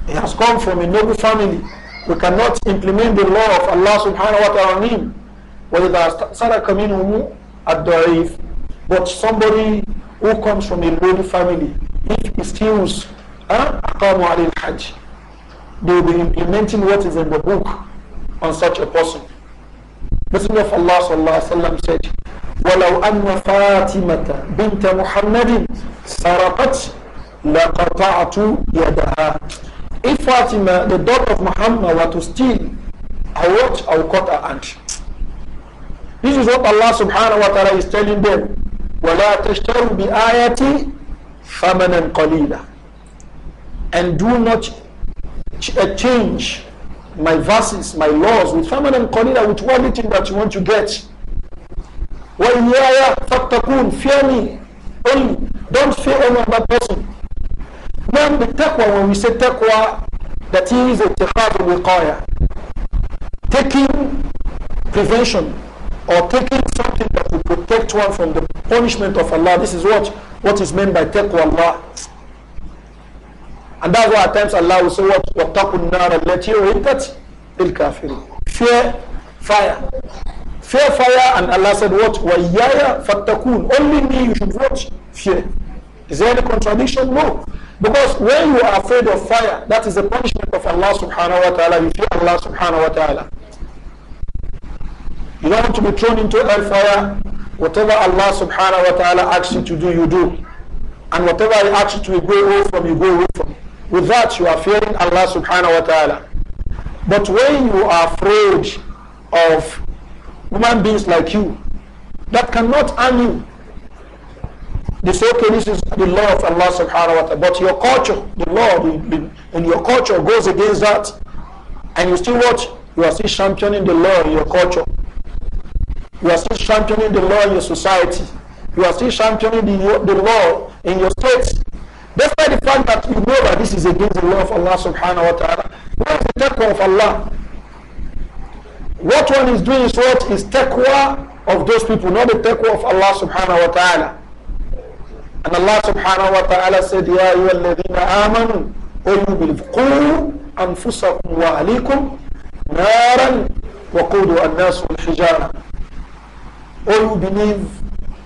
[SPEAKER 1] He has come from a noble family. We cannot implement the law of Allah subhanahu wa ta'ala on him. وَإِذَا سَرَكَ But somebody who comes from a noble family, if he steals, أَقَامُ They will be implementing what is in the book on such a person. Messenger of Allah sallallahu Alaihi wa said, وَلَوْ أَنَّ فَاتِمَةَ بِنْتَ مُحَمَّدٍ سرقت لقطعت يدها If Fatima, the daughter of Muhammad, were to steal I watch, I will cut her hand. This is what Allah subhanahu wa ta'ala is telling them. وَلَا تَشْتَرُوا بِآيَاتِ ثَمَنًا قَلِيلًا And do not change my verses, my laws with ثَمَنًا قَلِيلًا with one thing that you want to get. وَإِيَّايَ فَاتَّقُونَ Fear me only. Don't fear any other person. Now the taqwa, when we say taqwa, that is a ittihad wiqaya. Taking prevention or taking something that will protect one from the punishment of Allah. This is what, what is meant by taqwa Allah. And that's why at times Allah will say what? وَاتَّقُوا النَّارَ الَّتِي أُعِدَّتْ لِلْكَافِرِينَ Fear fire. Fear fire and Allah said what? وَإِيَّايَ فَاتَّقُونَ Only me you should watch. Fear. Is there any contradiction? No. Because when you are afraid of fire, that is the punishment of Allah subhanahu wa ta'ala. You fear Allah subhanahu wa ta'ala. You don't want to be thrown into hellfire. Whatever Allah subhanahu wa ta'ala asks you to do, you do. And whatever He asks you to go away from, you go away from. With that, you are fearing Allah subhanahu wa ta'ala. But when you are afraid of human beings like you, that cannot harm you, They say, okay, this is the law of Allah subhanahu wa ta'ala. But your culture, the law in your culture goes against that. And you still what? You are still championing the law in your culture. You are still championing the law in your society. You are still championing the, the law in your state. Despite the fact that you know that this is against the law of Allah subhanahu wa ta'ala. What is the taqwa of Allah? What one is doing is what is taqwa of those people, not the taqwa of Allah subhanahu wa ta'ala. أن الله سبحانه وتعالى ta'ala said, Ya ayyuhalladhina amanu, O you believe, qu anfusakum wa alikum naran wa qudu you believe,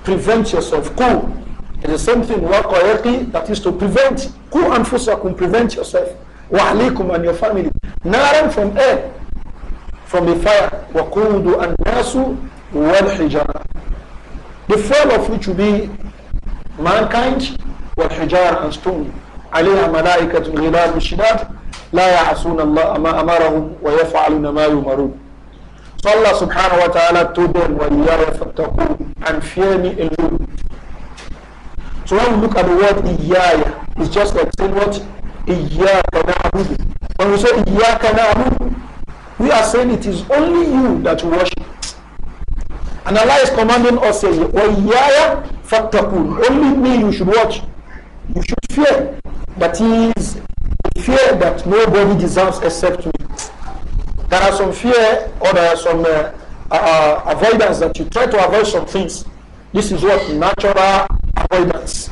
[SPEAKER 1] prevent yourself. Qu. It is something waqayaqi that is to prevent. Qu anfusakum, prevent yourself. Wa alikum and your family. Naran from air, from the fire. Wa qudu an-nas wal hijara. The fall of which will be mankind والحجار and عليها ملائكة غلاب شداد لا يعصون الله ما أمرهم ويفعلون ما يمرون So Allah subhanahu wa ta'ala told them, وَإِيَّايَ فَاتَّقُونَ And fear me alone. So when we look at the word إِيَّايَ, it's just like saying what? إِيَّاكَ نَعْبُدُ When we say إِيَّاكَ نَعْبُدُ, we are saying it is only you that worship. And Allah is commanding us, saying, وَإِيَّايَ Fattakun. Only me you should watch. You should fear. That is fear that nobody deserves except me. There are some fear or there are some uh, uh, uh, avoidance that you try to avoid some things. This is what natural avoidance.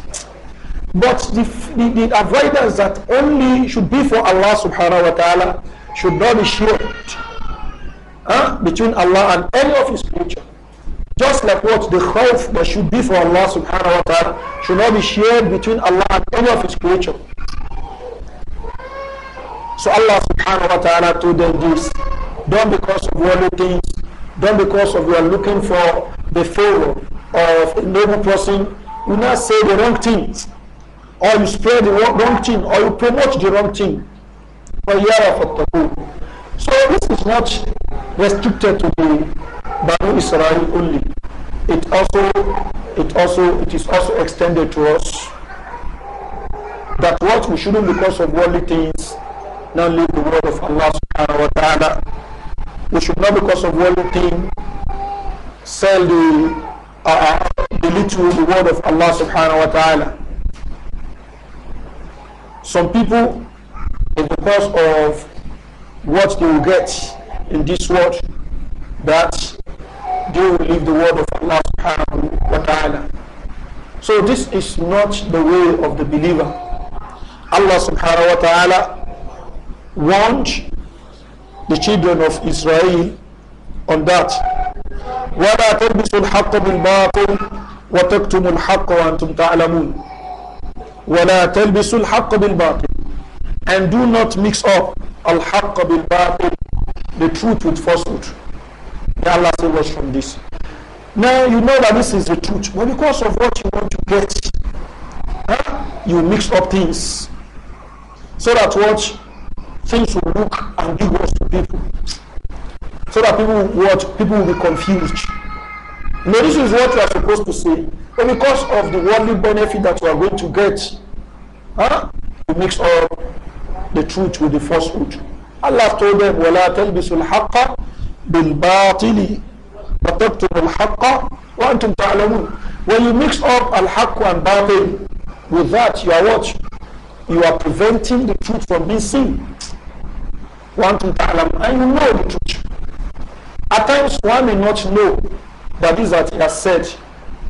[SPEAKER 1] But the, the, the avoidance that only should be for Allah subhanahu wa ta'ala should not be shared huh? between Allah and any of His creatures. Just like what the khawf that should be for Allah subhanahu wa ta'ala should not be shared between Allah and any of his creature. So Allah subhanahu wa ta'ala told them this. Don't because of worldly things, don't because of you are looking for the favor of a noble person, you not say the wrong things, or you spread the wrong thing, or you promote the wrong thing. For So this is not restricted to the Banu Israel only. It also, it also, it is also extended to us that what we shouldn't because of worldly things now leave the word of Allah subhanahu wa ta'ala. We should not because of worldly things sell the uh, uh, the little the word of Allah subhanahu wa ta'ala. Some people because of what they will get in this world that they will leave the word of Allah subhanahu wa ta'ala. So this is not the way of the believer. Allah subhanahu wa ta'ala warned the children of Israel on that. وَلَا تَلْبِسُوا الْحَقَّ بِالْبَاطِلِ وَتَكْتُمُوا الْحَقَّ وَأَنْتُمْ تَعْلَمُونَ وَلَا تَلْبِسُوا الْحَقَّ بِالْبَاطِلِ And do not mix up al-haqq bil-batil, the truth with falsehood. May Allah save us from this. Now you know that this is the truth, but because of what you want to get, huh, you mix up things so that what things will look ambiguous to people, so that people what people will be confused. Now this is what you are supposed to say, but because of the worldly benefit that you are going to get, huh, you mix up the truth with the falsehood. Allah told them, "Wala tell haqqa بالباطل وتكتم الحق وأنتم تعلمون when you mix up al-haq and batil with that you are what you are preventing the truth from being seen وأنتم تعلمون and you know the truth at times one may not know that this that he has said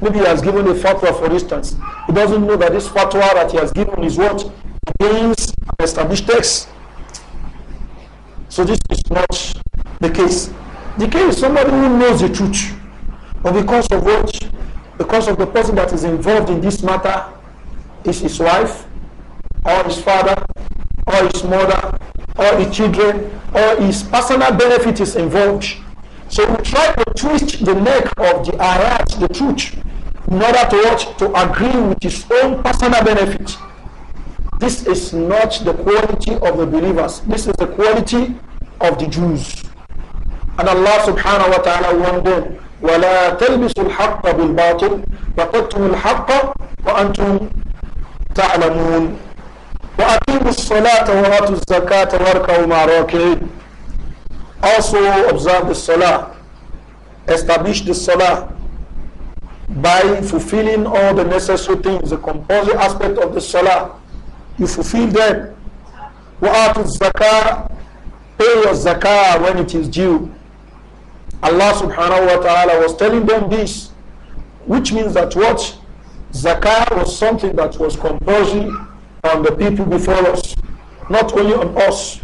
[SPEAKER 1] maybe he has given a fatwa for instance he doesn't know that this fatwa that he has given is what against established text so this is not the case the case is somebody who knows the truth. But because of what? Because of the person that is involved in this matter is his wife, or his father, or his mother, or his children, or his personal benefit is involved. So we try to twist the neck of the ayat, the truth, in order to what? To agree with his own personal benefit. This is not the quality of the believers. This is the quality of the Jews. and الله سبحانه وتعالى ta'ala warned them ولا تلبسوا الحق بالباطل وقدتم الحق وأنتم تعلمون وأقيموا الصلاة وآتوا الزكاة واركعوا مع الراكعين also observe the salah establish the salah by fulfilling all the necessary things the compulsory aspect of the salah you fulfill them وآتوا الزكاة pay your zakah when it is due Allah subhanahu wa ta'ala was telling them this, which means that what? Zakah was something that was compulsory on the people before us, not only on us.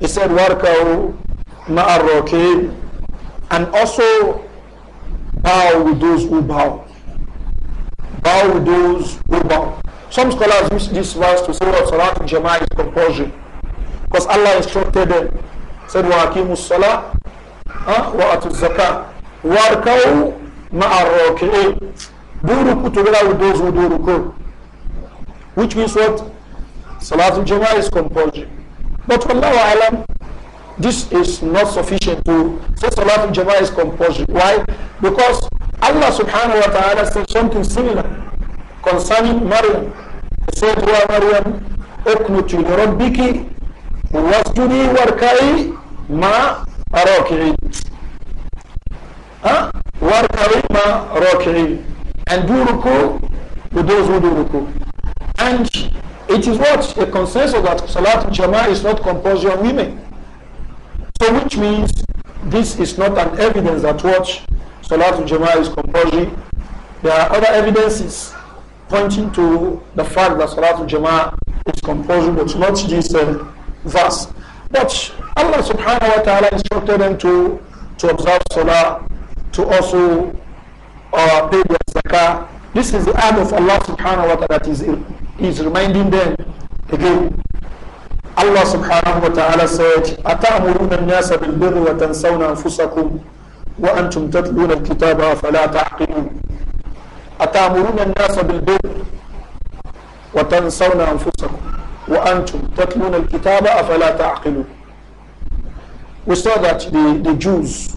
[SPEAKER 1] He said, Warkau ma'arrokib, and also bow with those who bow. Bow with those who bow. Some scholars use this verse to say that Salat al-Jama'ah is compulsory. Because Allah instructed them, said, وَأَقِيمُوا الصَّلَاةِ وأتوا الزكاة واركعوا مع الراكعين do ruku together with which means what Salatul Jama'ah is compulsory but Allahu Alam this is not sufficient to say Salatul Jama'ah is compulsory why because Allah subhanahu wa ta'ala said something similar concerning Maryam he said wa Maryam اقنتي لربك واسجدي واركعي مع راكعين ها واركعي مع and do ruku with those who do ruku and it is what a consensus that salat jama is not compulsory on women so which means this is not an evidence that what salat jama is compulsory there are other evidences pointing to the fact that salat jama is compulsory but not this uh, verse but Allah subhanahu wa ta'ala instructed them to, to observe salah, to also uh, pay their zakah. This is the ad of Allah subhanahu wa ta'ala that is, is reminding them again. Allah subhanahu wa ta'ala said, أَتَأْمُرُونَ النَّاسَ بِالْبِرِّ وَتَنْسَوْنَ أَنفُسَكُمْ وَأَنْتُمْ تَتْلُونَ الْكِتَابَ فَلَا تَعْقِلُونَ أَتَأْمُرُونَ النَّاسَ بِالْبِرِّ وَتَنْسَوْنَ أَنفُسَكُمْ وَأَنْتُمْ تَتْلُونَ الْكِتَابَ أَفَلَا تَعْقِلُونَ We saw that the, the Jews,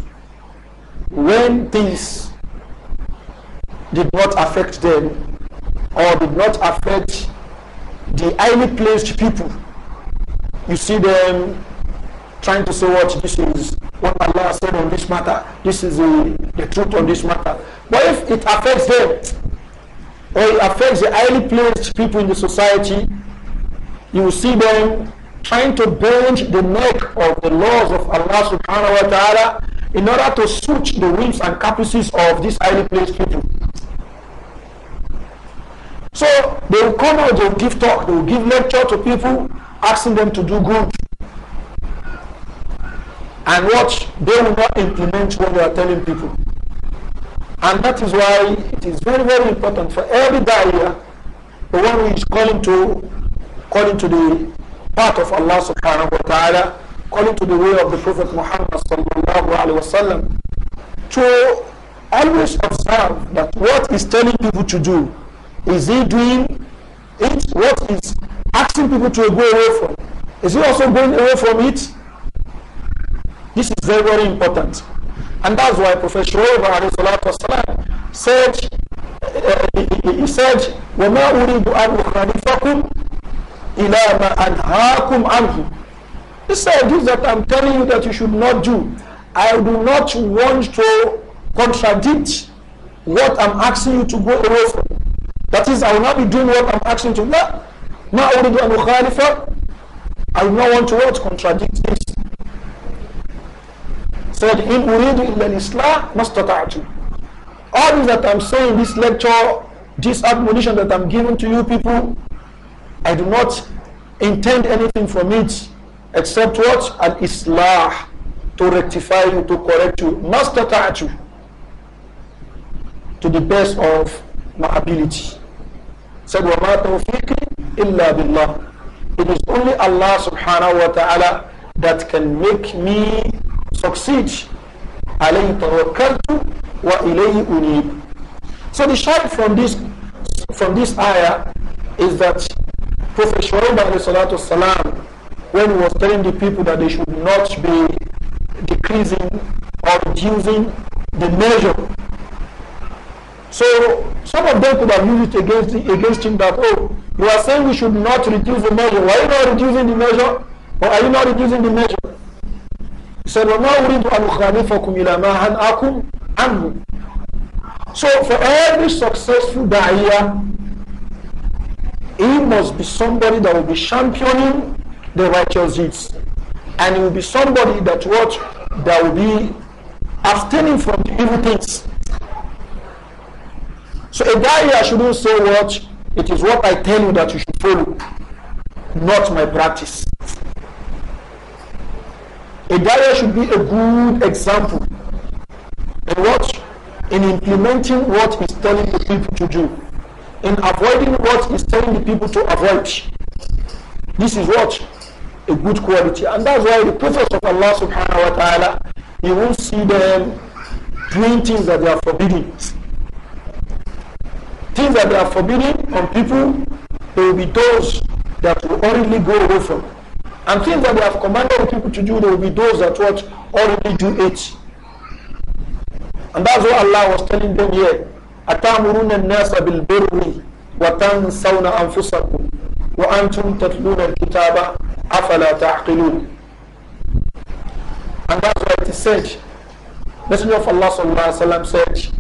[SPEAKER 1] when things did not affect them or did not affect the highly placed people, you see them trying to say what this is what Allah said on this matter, this is the, the truth on this matter. But if it affects them, or it affects the highly placed people in the society, you will see them trying to bend the neck of the laws of Allah subhanahu wa ta'ala in order to suit the whims and caprices of these highly placed people. So they will come out, they will give talk, they will give lecture to people, asking them to do good. And watch they will not implement what they are telling people. And that is why it is very, very important for every da'iyah, the one who is calling to according to the part of Allah subhanahu wa ta'ala, according to the way of the Prophet Muhammad sallallahu alaihi wasallam, to always observe that what is telling people to do, is he doing it? What is asking people to go away from? Is he also going away from it? This is very, very important. And that's why Prophet Shoaib said, uh, he said, وَمَا أُرِيدُ أَنْ أُخَالِفَكُمْ إِلَى مَا أَنْهَاكُمْ anhu. He said, this that I'm telling you that you should not do. I do not want to contradict what I'm asking you to go away from. That is, I will not be doing what I'm asking you to. do. ما أريد an أخالف I do not want to what? Contradict this. Said, in uridu illa al-islah, All that I'm saying, this lecture, this admonition that I'm giving to you people, I do not intend anything from it except what? an Islah, to rectify you, to correct you, master touch you to the best of my ability. Said, وَمَا تَوْفِيقِ illa billah. It is only Allah subhanahu wa ta'ala that can make me succeed. عَلَيْهِ wa وَإِلَيْهِ unib. So the shahid from this, from this ayah is that Prophet Shoaib salam when he was telling the people that they should not be decreasing or reducing the measure. So some of them could have used it against, against him that, oh, you are saying we should not reduce the measure. Why are you not reducing the measure? Or are you not reducing the measure? He said, وَمَا أُرِيدُ أَنْ أُخَالِفَكُمْ إِلَى مَا هَنْأَكُمْ عَنْهُ So for every successful da'iyah, he must be somebody that will be championing the righteous deeds. And he will be somebody that what that will be abstaining from the evil things. So a guy here shouldn't say what it is what I tell you that you should follow, not my practice. A guy should be a good example in what in implementing what he's telling the people to do in avoiding what he's telling the people to avoid. This is what? A good quality. And that's why the prophets of Allah subhanahu wa ta'ala, you will see them doing things that they are forbidding. Things that they are forbidding on people, they will be those that will already go away from. And things that they have commanded people to do, they will be those that what already do it. And that's what Allah was telling them here. أتأمرون الناس بالبر وتنسون أنفسكم وأنتم تتلون الكتاب أفلا تعقلون And that's why it is said, Messenger of Allah sallallahu alaihi wasallam said,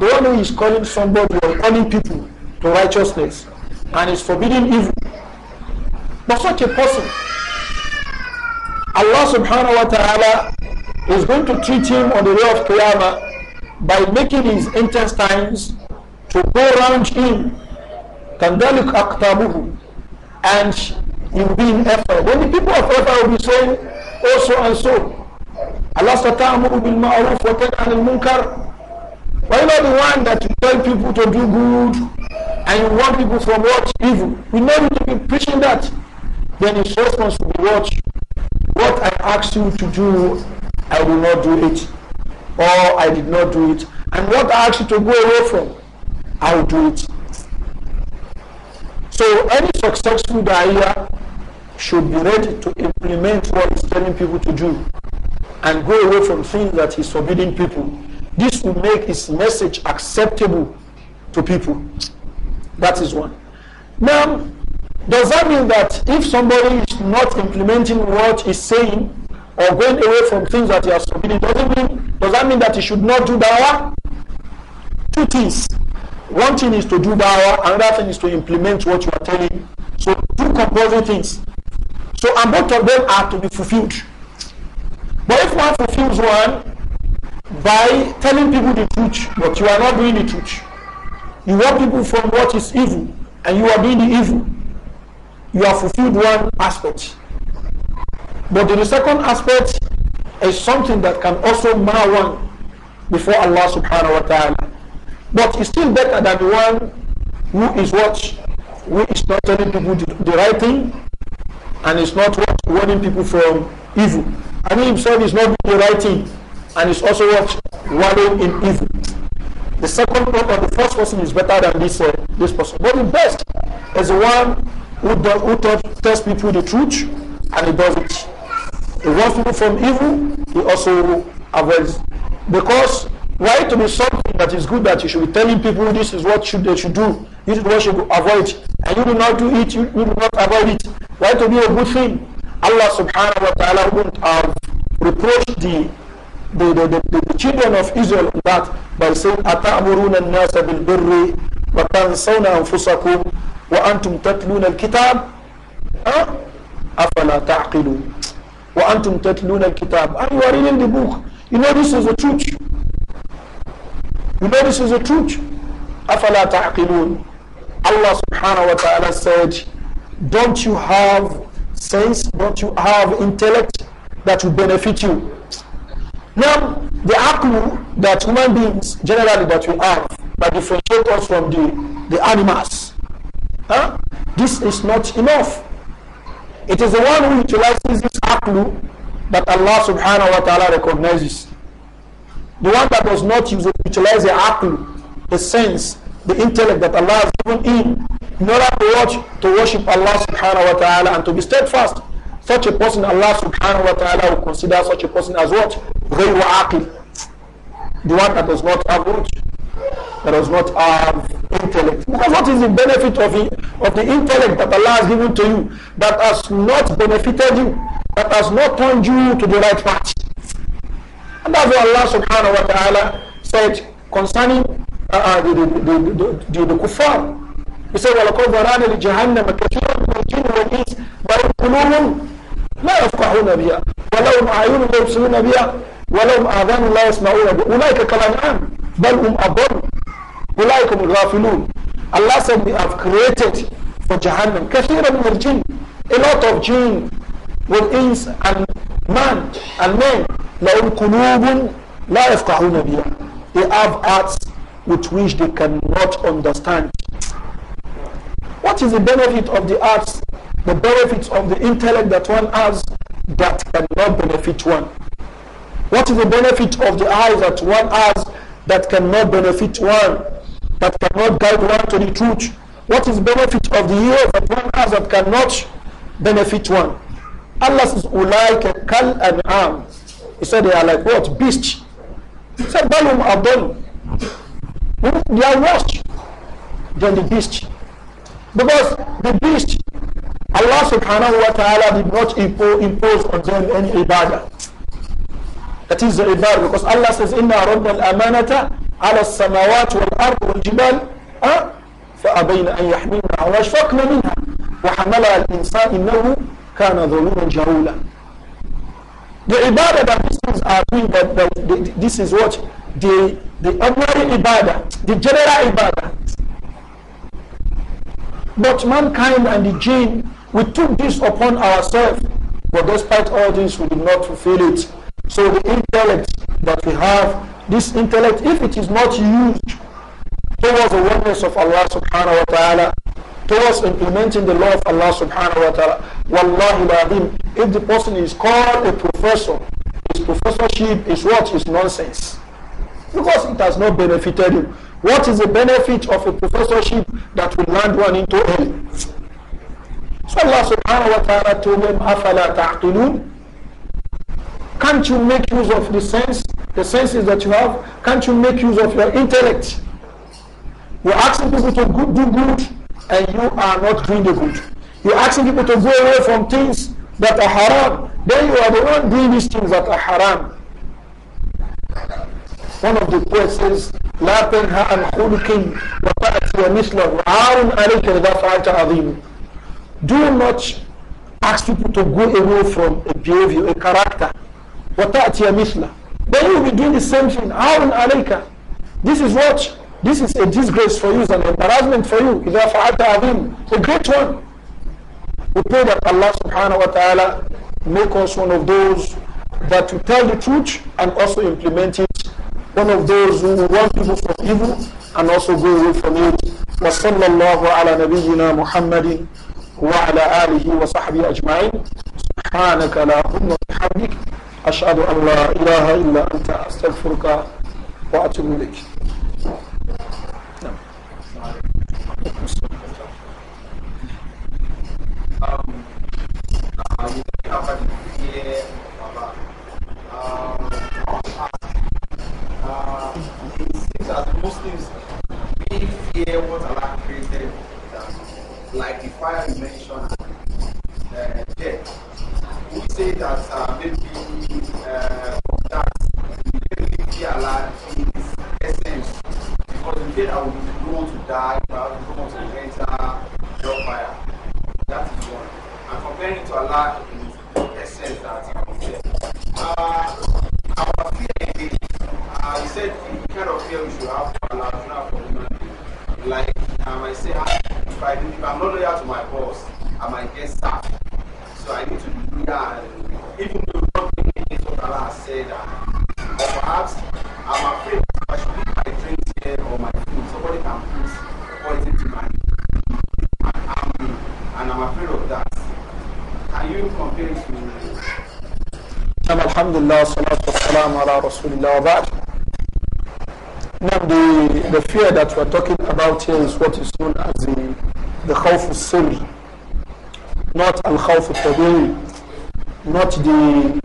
[SPEAKER 1] the one who is calling somebody or calling people to righteousness and is forbidding evil, but such a person, Allah subhanahu wa ta'ala is going to treat him on the day of Qiyamah by making his intestines to go around him. And he will be in effort. When the people of effort will be saying, oh so and so. Allah subhanahu bil ma'ruf wa tanha anil munkar. Why not the one that you tell people to do good and you want people from what evil? We know you to be preaching that. Then his response will be what? What I ask you to do, I will not do it or oh, I did not do it. And what I asked you to go away from, I will do it. So any successful da'iyah should be ready to implement what he's telling people to do and go away from things that he's forbidding people. This will make his message acceptable to people. That is one. Now, does that mean that if somebody is not implementing what he's saying, or going away from things that he has forbidden doesn't mean does that mean that you should not do dawa? Two things. One thing is to do dawah, another thing is to implement what you are telling. So two compulsory things. So and both of them are to be fulfilled. But if one fulfills one by telling people the truth, but you are not doing the truth, you want people from what is evil, and you are doing the evil, you have fulfilled one aspect. But the second aspect is something that can also mar one before Allah subhanahu wa ta'ala. But it's still better than the one who is what? Who is not telling people the, the right thing and is not what? Warning people from evil. And he himself is not doing the right thing and is also what? warning in evil. The second one or the first person is better than this, uh, this person. But the best is the one who, does, who tells people the truth and he does it. He wants people from evil, he also avoids. Because why to be something that is good that you should be telling people this is what should they should do, this is what should avoid, and you do not do it, you, you do not avoid it. Why to be a good thing? Allah subhanahu wa ta'ala wouldn't have reproached the the, the, the, the, children of Israel on that by saying أَتَأْمُرُونَ النَّاسَ بِالْبِرِّ wa antum وَأَنْتُمْ تَتْلُونَ الْكِتَابَ أَفَلَا تَعْقِلُونَ وَأَنْتُمْ تَتْلُونَ الْكِتَابِ And you are reading the book. You know this is the truth. You know this is the truth. أَفَلَا تَعْقِلُونَ Allah subhanahu wa ta'ala said, don't you have sense? Don't you have intellect that will benefit you? Now, the aql that human beings generally that we have that differentiate us from the, the animals, huh? this is not enough. It is the one who utilizes this aklu that Allah subhanahu wa ta'ala recognizes. The one that does not use it, utilize the aklu, the sense, the intellect that Allah has given him in order to watch, to worship Allah subhanahu wa ta'ala and to be steadfast. Such a person, Allah subhanahu wa ta'ala will consider such a person as what? were aqil. The one that does not have what? that does not have intellect. Because what is the benefit of the, of the intellect that Allah has given to you that has not benefited you, that has not turned you to the right path? And that's what Allah subhanahu wa ta'ala said concerning uh, uh the, the, the, the, kuffar. He said, وَلَقَدْ ذَرَانَ لِجَهَنَّمَ كَثِيرًا مِنَ الْجِنِّ وَالْإِنسِ بَلْ قُلُوبٌ لَا يَفْقَهُونَ بِهَا وَلَهُمْ أَعْيُنٌ لَا يُبْصِرُونَ بِهَا ولهم آذان لا يسمعون أولئك كالأنعام بل هم أضل أولئك هم الغافلون Allah said we have created for Jahannam كثيرا من الجن a lot of jinn with ins and man and men لهم قلوب لا يفقهون بها they have hearts with which they cannot understand what is the benefit of the arts the benefits of the intellect that one has that cannot benefit one what is the benefit of the eyes that one has that cannot benefit one, that cannot guide one to the truth. What is benefit of the year that one has that cannot benefit one? Allah says, Ulaika kal arm. He said they are like what? Beast. He said, Balum Abdul. They are worse than the beast. Because the beast, Allah subhanahu wa ta'ala did not impose, impose on them any ibadah. That is the ibar because Allah says, Inna rabna al-amanata ala samawat wal-ard wal-jibal فأبين أن يحملنها وأشفقن منها وحملها الإنسان إنه كان ظلوما جهولا The ibadah that these things are doing, that, that, that this is what the the ordinary ibadah, the general ibadah. But mankind and the jinn, we took this upon ourselves, but despite all this, we did not fulfill it. So the intellect that we have, this intellect, if it is not used towards the oneness of Allah subhanahu wa ta'ala, towards implementing the law of Allah subhanahu wa ta'ala, wallahi ba'adim, if the person is called a professor, his professorship is what is nonsense. Because it has not benefited him. What is the benefit of a professorship that will land one into hell? So Allah subhanahu wa ta'ala told them, أَفَلَا تَعْقِلُونَ can't you make use of the sense, the senses that you have? Can't you make use of your intellect? You're asking people to do good and you are not doing the good. You're asking people to go away from things that are haram. Then you are the one doing these things that are haram. One of the poets says, لا تنهى عن خلق وتأتي مثله عار عليك إذا فعلت عظيم. Do not ask people to go away from a behavior, a character وَتَأْتِيَ مِثْلَ Then you will be doing the same thing. in عَلَيْكَ This is what? This is a disgrace for you, it's an embarrassment for you. إِذَا فَعَلْتَ عَظِيمٌ A great one. We pray that Allah subhanahu wa ta'ala make us one of those that will tell the truth and also implement it. One of those who will warn people from evil and also go away from it. وصلى الله على نبينا محمد وعلى آله وصحبه أجمعين سبحانك لا اللهم بحمدك أشهد أن لا إله إلا أنت أستغفرك وأتوب إليك Rasulullah about. Now the, the fear that we're talking about here is what is known as the, the khawf sin, not al-khawf al not the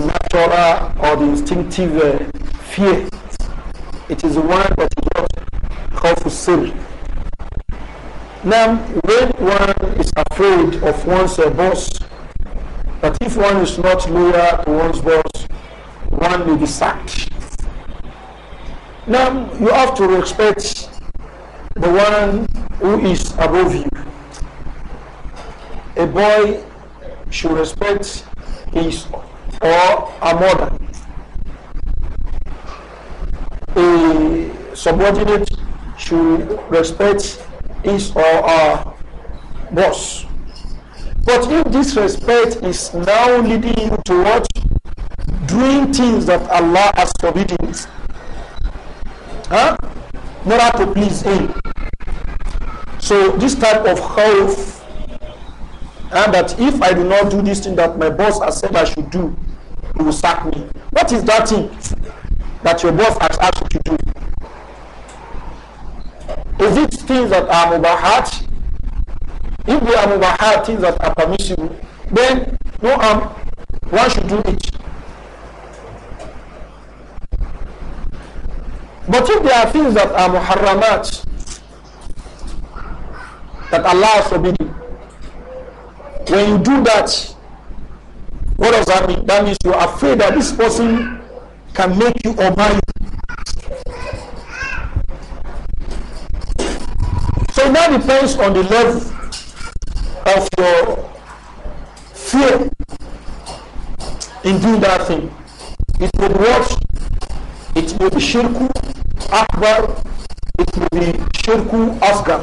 [SPEAKER 1] natural or the instinctive uh, fear. It is one that is not khawf sin. Now, when one is afraid of one's uh, boss, but if one is not loyal to one's boss, man may be sacked. Now, you have to respect the one who is above you. A boy should respect his or a mother. A subordinate should respect his or her boss. But if this respect is now leading you to things that Allah has forbidden. Huh? In order to please Him. So this type of health, and that if I do not do this thing that my boss has said I should do, he will sack me. What is that thing that your boss has asked you to do? Is it things that are mubahat? If they are mubahat, things that are permissible, then no harm. one should do it. But if there are things that are muharramat, that Allah has forbidden, when you do that, what does that mean? That means you are afraid that this person can make you obey. So that depends on the level of your fear in doing that thing. It would watch. It will be shirku akbar, it will be shirku asghar.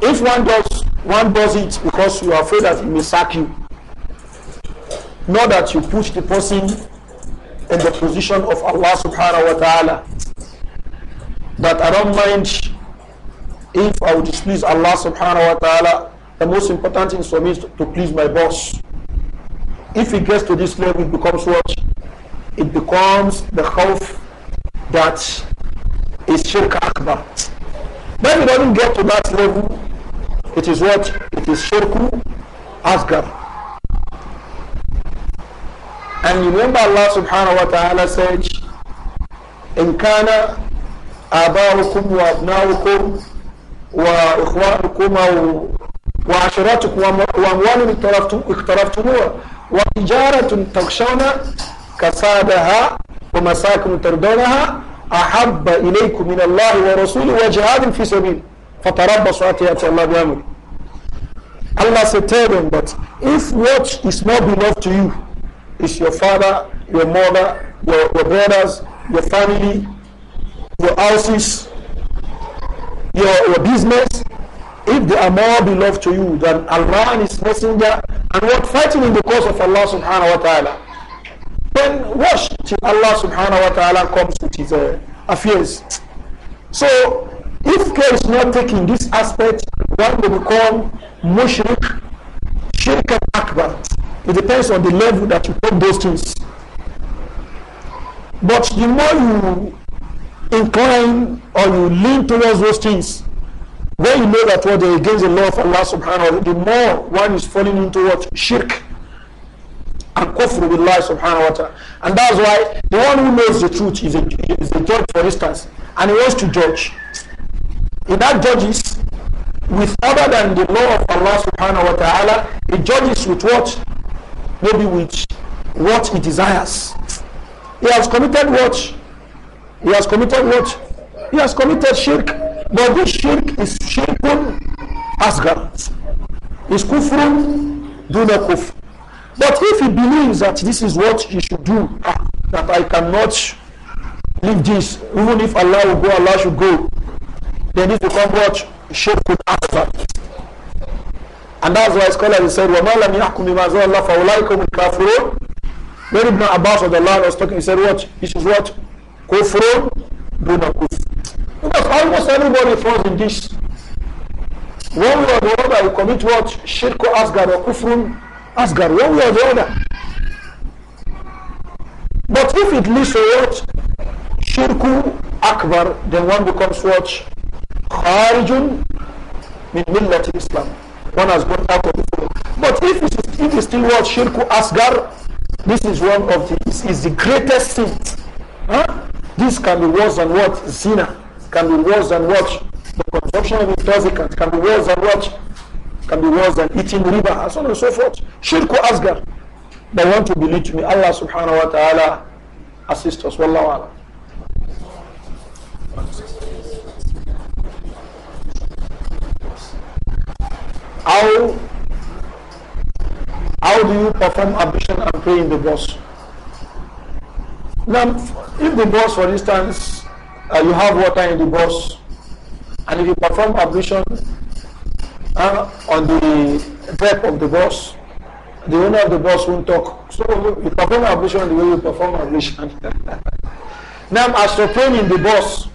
[SPEAKER 1] If one does one does it because you are afraid that he may sack you, not that you put the person in the position of Allah subhanahu wa ta'ala. That I don't mind if I would displease Allah subhanahu wa ta'ala. The most important thing for me is to please my boss. If it gets to this level, it becomes what? It becomes the house that is shirk akbar. When it doesn't get to that level, it is what? It is shirku asgar. And remember Allah subhanahu wa ta'ala said, إن كان آباؤكم وأبناؤكم وإخوانكم وعشيرتكم وأموال اقترفتموها وتجارة تخشون كسادها ومساكن ترضونها أحب إليكم من الله ورسوله وجهاد في سبيل فتربصوا حتى يأتي الله بأمره Allah said, tell them that if what is not beloved to you is your father, your mother, your, your brothers, your family, your houses, your, your business, if they are more beloved to you than Allah and His Messenger and what fighting in the cause of Allah subhanahu wa ta'ala, then watch till Allah subhanahu wa ta'ala comes with His uh, affairs. So, if care is not taken, this aspect, one will become mushrik, shirk and akbar. It depends on the level that you put those things. But the more you incline or you lean towards those things, when you know that what they against the law of Allah subhanahu wa ta'ala, the more one is falling into what? Shirk and kufr with Allah subhanahu wa ta'ala. And that's why the one who knows the truth is a, is a judge, for instance, and he wants to judge. He that judges with other than the law of Allah subhanahu wa ta'ala, he judges with what? Maybe with what he desires. He has committed what? He has committed what? He has committed shirk. But this shirk is shirkun asgar. is kufrun duna kufr. But if he believes that this is what he should do, ah, that I cannot leave this, even if Allah will go, Allah should go, then it come. what? Shirkun asgar. And that's why scholars said, وَمَا لَمْ يَحْكُمْ بِمَا زَوَى اللَّهُ فَأُولَٰئِكُمُ الْكَافِرُونَ When Ibn Abbas of the Lord was talking, he said what? This is what? Kufrun duna kufr. Because almost everybody falls in this. One way or the other, you commit what? Shirku Asgar or Kufrun Asgar, one way or the other. But if it leads to what? Shirku Akbar, then one becomes what? Kharijun min millat Islam. One has gone out of Islam. But if it is, it is still what? Shirku Asgar, this is one of the, is, is the greatest sin. Huh? This can be worse than what? Zina. can be worse than what? The consumption of intoxicants can be worse than what? Can be worse than eating riba, and so on and so forth. Shirku asgar. They want to believe me. Allah subhanahu wa ta'ala assist us. Wallahu alam. How, how do you perform ablution and pray in the bus? Now, if the bus, for instance, uh, you have water in the bus, and if you perform ablution uh, on the deck of the bus, the owner of the bus won't talk. So you perform ablution the way you perform ablution. now, as to praying in the bus,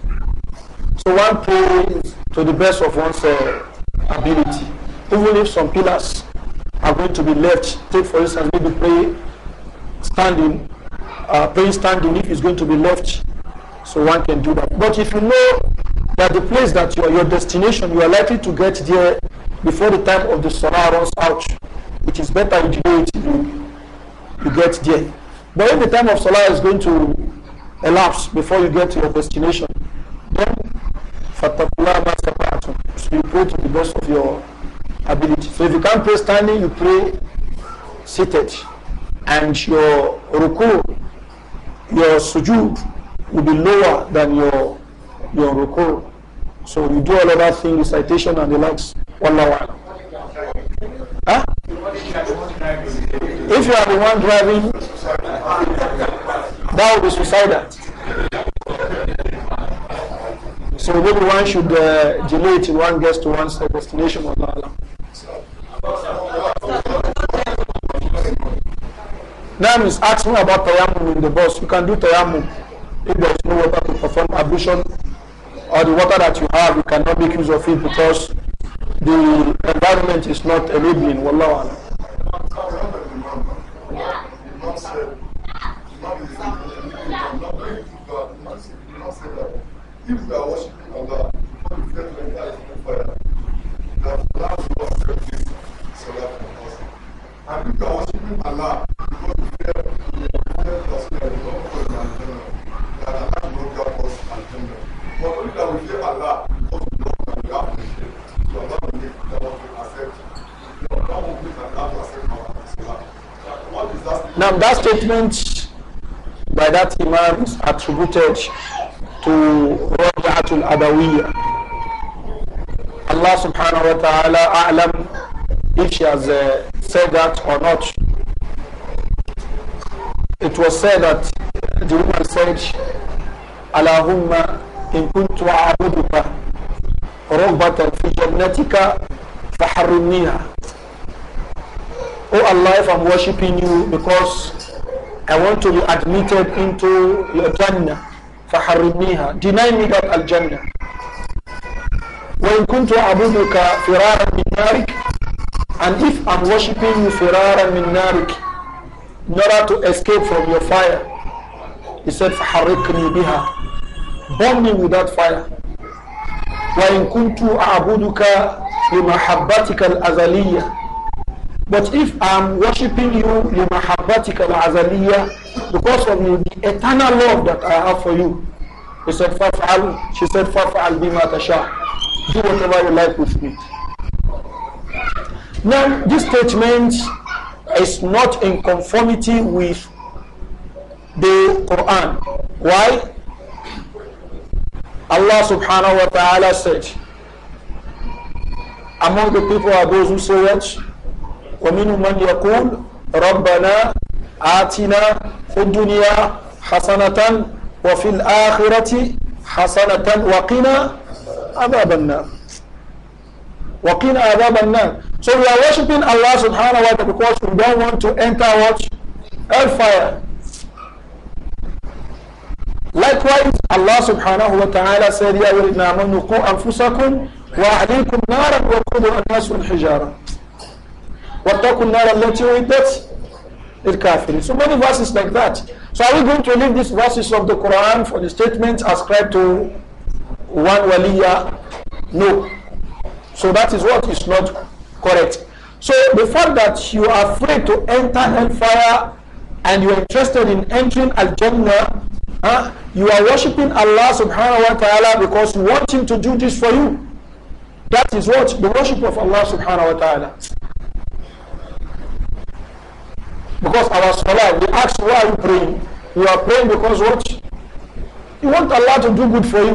[SPEAKER 1] so one prays to the best of one's uh, ability. Even if some pillars are going to be left, take for instance, maybe pray standing, uh, praying standing if it's going to be left So one can do that. But if you know that the place that you are, your destination, you are likely to get there before the time of the salah runs out, it is better you delay it, you, you get there. But if the time of salah is going to elapse before you get to your destination, then so you pray to the best of your ability. So if you can't pray standing, you pray seated. And your ruku, your sujud. will be lower than your your record, So you do all of that thing, recitation and the likes. One hour. Huh? If you are the one driving, that would be suicidal. So maybe one should uh, delay till one gets to one's destination. Wallahu alam. Now is asking about tayammum in the bus. You can do tayammum. If there is no water to perform ablution, or the water that you have, you cannot make use of it because the environment is not enabling. Wallahu alam. statement by that Imam is attributed to Rajatul Adawiyya. Allah subhanahu wa ta'ala a'lam if she has uh, said that or not. It was said that the woman said, Allahumma in kuntu a'abuduka rabbatan fi jannatika faharrimniha. Oh Allah, if I'm worshipping you because I want to be admitted into your Jannah. فحرمنيها deny me that الجنة وإن كنت أعبدك فرارا من نارك and if I'm worshiping you فرارا من نارك in order to escape from your fire he said فحرقني بها burn me with that fire وإن كنت أعبدك لمحبتك الأزلية But if I'm worshiping you, you limahabbatika al-azaliyya, because of the eternal love that I have for you, he said, faf'al, she said, faf'al bima tasha, do whatever you like with me. Now, this statement is not in conformity with the Quran. Why? Allah subhanahu wa ta'ala said, among the people are those who say what? ومنهم من يقول ربنا آتنا في الدنيا حسنة وفي الآخرة حسنة وقنا عذاب النار وقنا عذاب النار So we are worshiping Allah subhanahu wa ta'ala because we don't want to enter what? Hellfire. Likewise, Allah subhanahu wa ta'ala said, يَا وَلِدْنَا مَنْ نُقُوا أَنفُسَكُمْ وَأَعْلِيكُمْ نَارًا وَقُدُوا النَّاسُ الْحِجَارَةِ وَاتَّقُوا النَّارَ الَّتِي وِئِدَّتْ الْكَافِرِينَ So many verses like that. So are we going to leave these verses of the Quran for the statement ascribed to one waliya? No. So that is what is not correct. So the fact that you are afraid to enter hellfire and you are interested in entering Al-Jannah, huh? you are worshipping Allah subhanahu wa ta'ala because you want him to do this for you. That is what? The worship of Allah subhanahu wa ta'ala. Because our salah, we ask, why are you praying? You are praying because what? You want Allah to do good for you.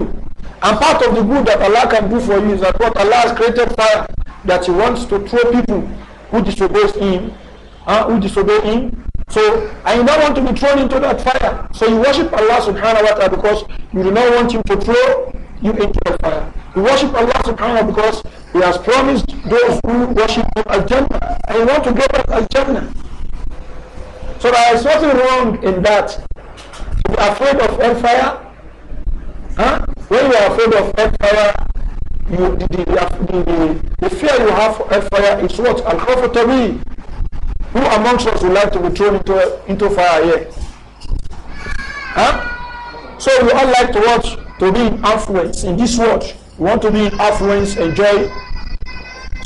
[SPEAKER 1] And part of the good that Allah can do for you is that what Allah has created fire that He wants to throw people who disobey Him, huh? who disobey Him. So, and you don't want to be thrown into that fire. So you worship Allah subhanahu wa ta'ala because you do not want Him to throw you into the fire. You worship Allah subhanahu because He has promised those who worship Him Al-Jannah. And you want to get that Al-Jannah. So there is nothing wrong in that. To be afraid of hellfire, huh? when you are afraid of hellfire, you, the, the, the, the, fear you have for hellfire is what? Al Khawfatabi. Who amongst us would like to be thrown into, into fire here? Huh? So we all like to watch, to be in affluence in this world. You want to be in affluence, enjoy.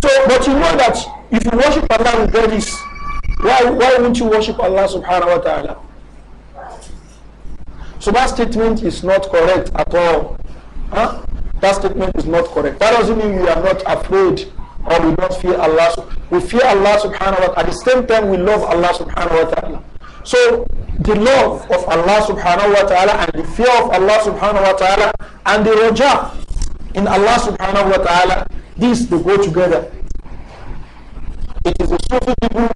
[SPEAKER 1] So, but you know that if you worship Allah with this, Why, why won't you worship Allah subhanahu wa ta'ala? So that statement is not correct at all. Huh? That statement is not correct. That doesn't mean we are not afraid or we don't fear Allah. We fear Allah subhanahu wa ta'ala. At the same time, we love Allah subhanahu wa ta'ala. So the love of Allah subhanahu wa ta'ala and the fear of Allah subhanahu wa ta'ala and the raja in Allah subhanahu wa ta'ala, these they go together. It is a Sufi people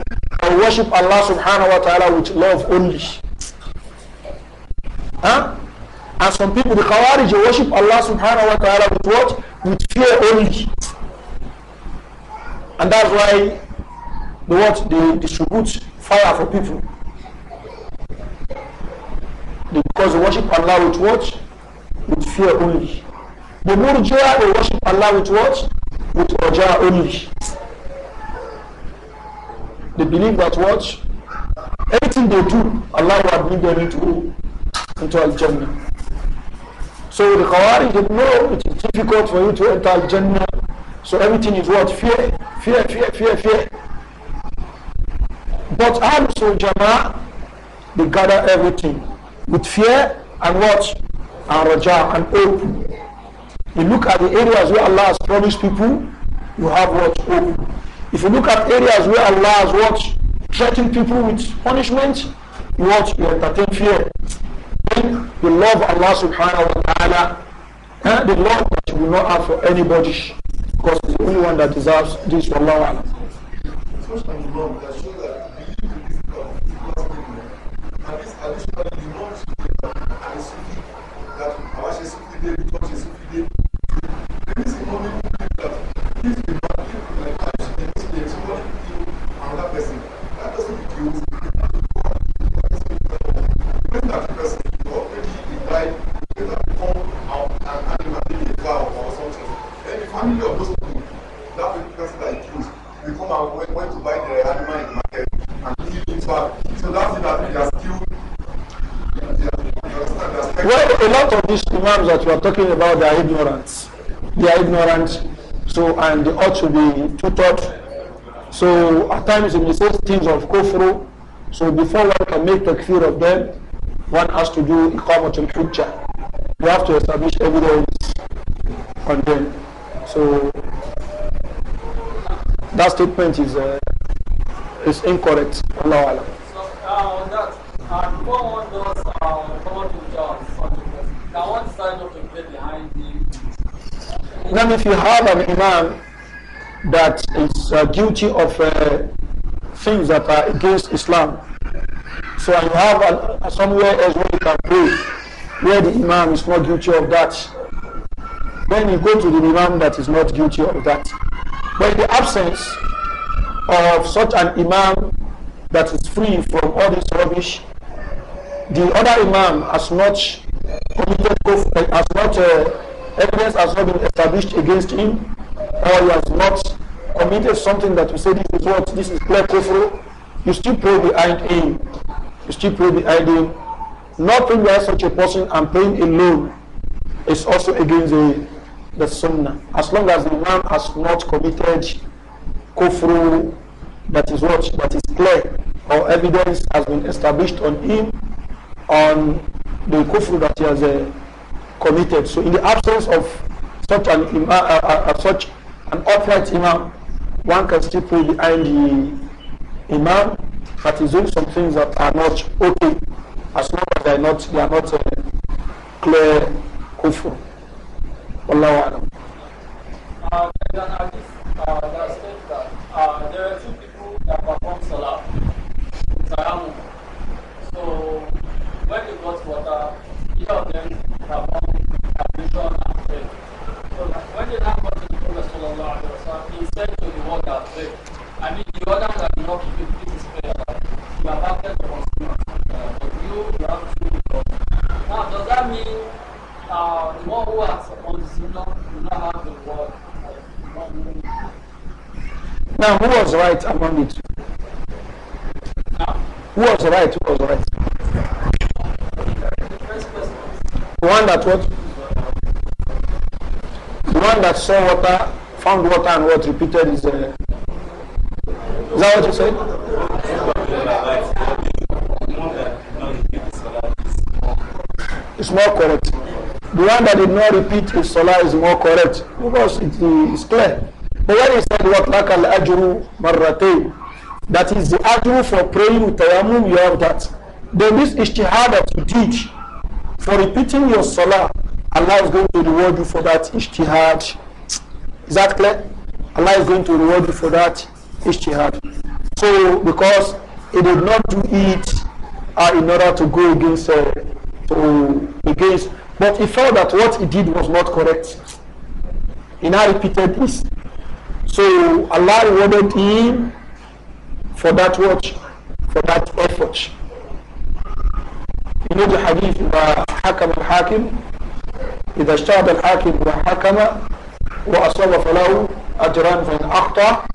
[SPEAKER 1] worship Allah subhanahu wa ta'ala with love only. Huh? And some people, the Khawarij, worship Allah subhanahu wa ta'ala with what? With fear only. And that's why the what they distribute fire for people. because they worship Allah with what? With fear only. The Murjia, they worship Allah with what? With Raja only. They believe that what? Anything they do, Allah will bring them into, into Al-Jannah. So the kawari they know it is difficult for you to enter Al-Jannah. So everything is what? Fear, fear, fear, fear, fear. But also jama, they gather everything with fear and what? And Raja and hope. You look at the areas where Allah has promised people, you have what? Hope. If you look at areas where Allah has what threatened people with punishment, you what you entertain fear. Then you love Allah subhanahu wa ta'ala and the love that you will not have for anybody. Because it's the only one that deserves this for Allah. That our family of those people, that person that accused, they come and went, went to buy the animal in the market and give it back. So that's it, that they are still. well, a lot of these imams that we are talking about, they are ignorant. They are ignorant, so and they ought to be tutored. So at times they may say things of kufru. So before one can make takfir of them, one has to do iqamatul hujjah. You have to establish evidence on them. So that statement is uh, is incorrect. Allah Allah. So uh, on that, uh, before one does uh, come to jobs, can one stand up and get behind him? Then if you have an imam that is uh, guilty of uh, things that are against Islam. So you have uh, somewhere else where you can pray, where the imam is not guilty of that. Then you go to the Imam that is not guilty of that. But in the absence of such an Imam that is free from all this rubbish, the other Imam has not committed, eh, has not, uh, evidence has not been established against him, or he has not committed something that you say this is what, this is clear you still pray behind him. You still pray behind him. Not praying behind such a person and praying alone is also against the the sunnah. As long as the man has not committed kufru, that is what that is clear, or evidence has been established on him on the kufru that he has uh, committed. So, in the absence of such an imam, uh uh, uh, uh, such an upright imam, one can still put behind the imam that is doing some things that are not okay, as long as they are not they are not uh, clear kufru. Wallahu alam. Uh, uh that uh, there are two people that perform salah in So when go to water, each of them performed ablution So when you now to the Prophet Sallallahu Alaihi Wasallam, he to water, faith. I mean, the other one you have acted to sin. But you, you have to Now, does that mean Now, who was right among the two? who was right? Who was right? The one that what? The one that saw water, found water, and what repeated is. Uh, is that what you said? It's not correct. The one that did not repeat his salah is more correct because it is clear. But when he said what like al ajru marratay, that is the ajru for praying with tayammum, you have that. Then this ijtihad that you did for repeating your salah, Allah is going to reward you for that ijtihad. Is that clear? Allah is going to reward you for that ijtihad. So because he did not do it uh, in order to go against uh, to against But he felt that what he did was not correct. He now repeated this. So Allah rewarded him for that watch, for that effort. You know the hadith where Hakam al-Hakim, إذا اجتهد الحاكم وحكم وأصاب فله أجران فإن أخطأ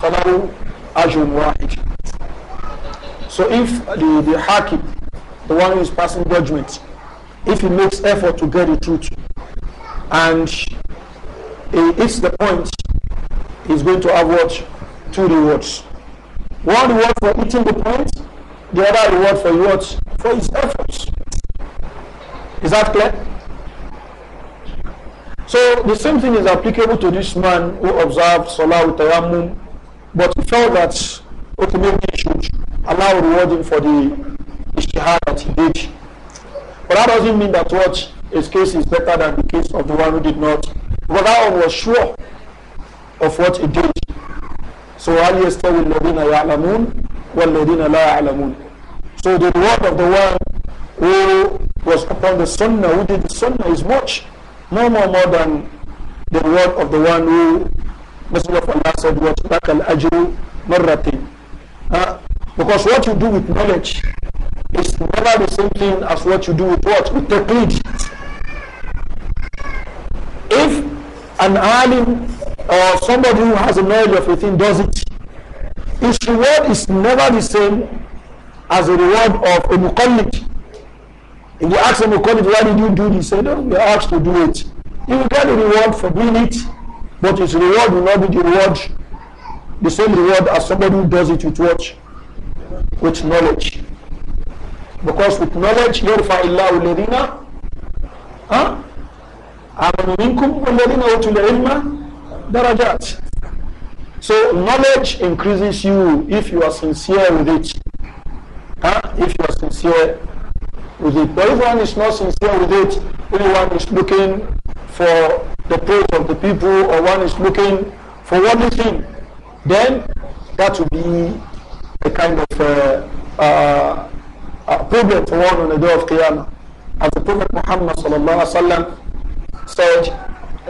[SPEAKER 1] فله أجر واحد. So if the, the Hakim, the one who is passing judgment, if he makes effort to get the truth and he hits the point, he's going to have what? Two rewards. One reward for hitting the point, the other reward for what? For his efforts. Is that clear? So the same thing is applicable to this man who observed Salah with Tayammum, but he felt that ultimately he should allow rewarding for the ishtihad that he did But that doesn't mean that what his case is better than the case of the one who did not. But that one was sure of what he did. So هل يستوي الذين يعلمون والذين لا يعلمون So the word of the one who was upon the sunnah, who did the sunnah is much, more, more more than the word of the one who Messenger of Allah said what al ajru marratin. Uh, because what you do with knowledge It's never the same thing as what you do with what? With the creed. If an alim or somebody who has a knowledge of a thing does it, his reward is never the same as the reward of a muqallid. If you ask a muqallid, why did you do this? He said, oh, we are asked to do it. You will get a reward for doing it, but his reward will not be the reward, the same reward as somebody who does it with what? With knowledge. Because with knowledge, يرفع الله الذين آمنوا منكم والذين أوتوا العلم درجات. So knowledge increases you if you are sincere with it. Huh? If you are sincere with it. But if one is not sincere with it, everyone is looking for the praise of the people or one is looking for one thing, then that will be a kind of uh, uh, appropriate to warn on the day of Qiyamah. As the Prophet Muhammad sallallahu alaihi wasallam said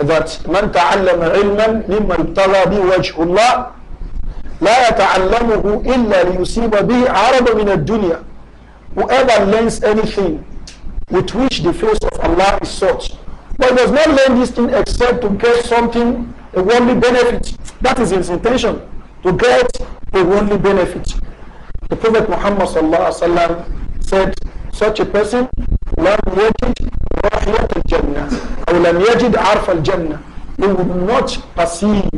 [SPEAKER 1] that من تعلم علما مما ابتغى به وجه الله لا يتعلمه إلا ليصيب به عرض من الدنيا Whoever learns anything with which the face of Allah is sought, but does not learn this thing except to get something, a worldly benefit. That is his intention, to get a worldly benefit. The Prophet Muhammad sallallahu alaihi wasallam said such a person لم يجد رحمة الجنة أو لم يجد عرف الجنة he will not perceive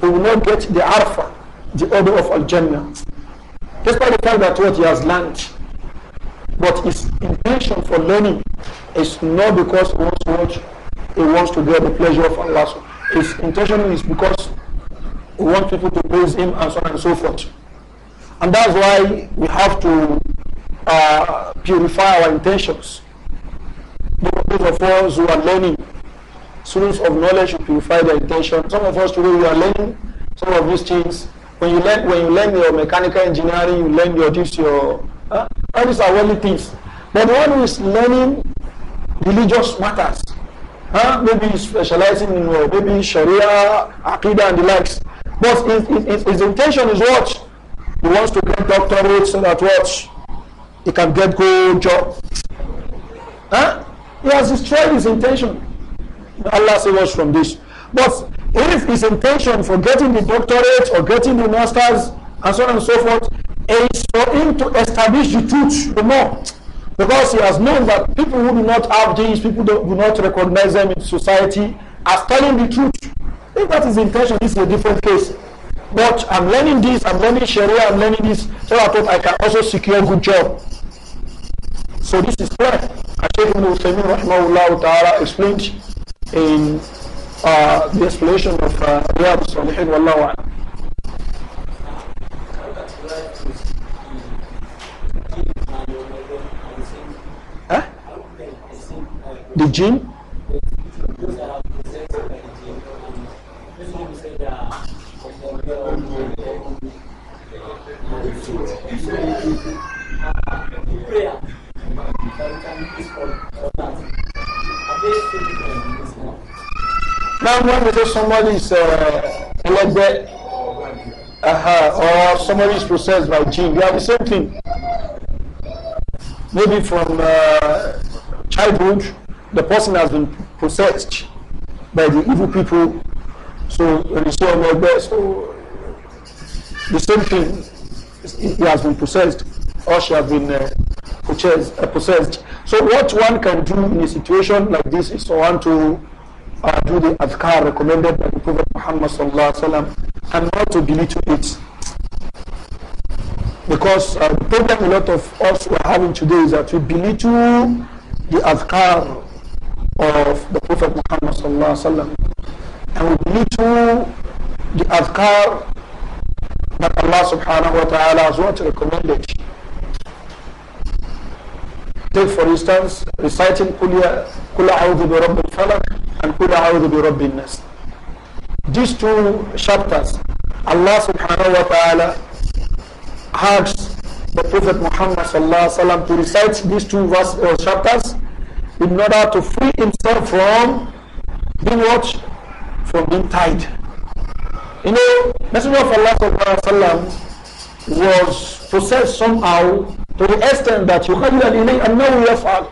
[SPEAKER 1] he will not get the arfa the order of al-jannah despite the fact that what he has learned but his intention for learning is not because he wants to watch he wants to get the pleasure of Allah his intention is because he wants people to praise him and so on and so forth and that's why we have to uh, purify our intentions. Those of us who are learning, students of knowledge should purify their intentions. Some of us today we are learning some of these things. When you learn, when you learn your mechanical engineering, you learn your this, your uh, all these are worldly things. But the one who is learning religious matters, huh? maybe specializing in uh, maybe Sharia, Aqidah, and the likes. But his, his, his intention is what? He wants to get doctorate so that what? he can get good job. Huh? He has destroyed his intention. Allah save us from this. But if his intention for getting the doctorate or getting the master's and so on and so forth is for him to establish the truth the more, because he has known that people who do not have these, people do not recognize them in society as telling the truth. If that is intention, this is a different case. But I'm learning this, I'm learning Sharia, I'm learning this, so I thought I can also secure a good job. So this is clear. Sheikh Ibn Uthaymeen rahmahullah ta'ala explained in uh, the explanation of uh, Riyadh Salihin wallahu a'lam. Huh? The jinn? Prayer. Now, when we say somebody is uh, elected uh-huh, or somebody is processed by jinn, we have the same thing. Maybe from uh, childhood, the person has been possessed by the evil people. So, when you say, oh so the same thing, he has been possessed or she has been uh, possessed, uh, possessed. So what one can do in a situation like this is one to uh, do the adhkar recommended by the Prophet Muhammad sallallahu alaihi wasallam and not to belittle it. Because uh, the problem a lot of us are having today is that we belittle the adhkar of the Prophet Muhammad sallallahu alaihi wasallam and we belittle the adhkar that Allah subhanahu wa ta'ala has to recommended. Take for instance, reciting Kula A'udhu bi Rabbil Falak and Kula A'udhu bi Rabbin Nas. These two chapters, Allah subhanahu wa ta'ala had the Prophet Muhammad sallallahu alaihi wasallam to recite these two verse, uh, chapters in order to free himself from being watched, From being tied. You know, Messenger of Allah sallallahu alaihi wasallam was possessed somehow to the extent that يُخَيَّلْ إِلَيْهِ أَنَّهُ يَفْعَلُ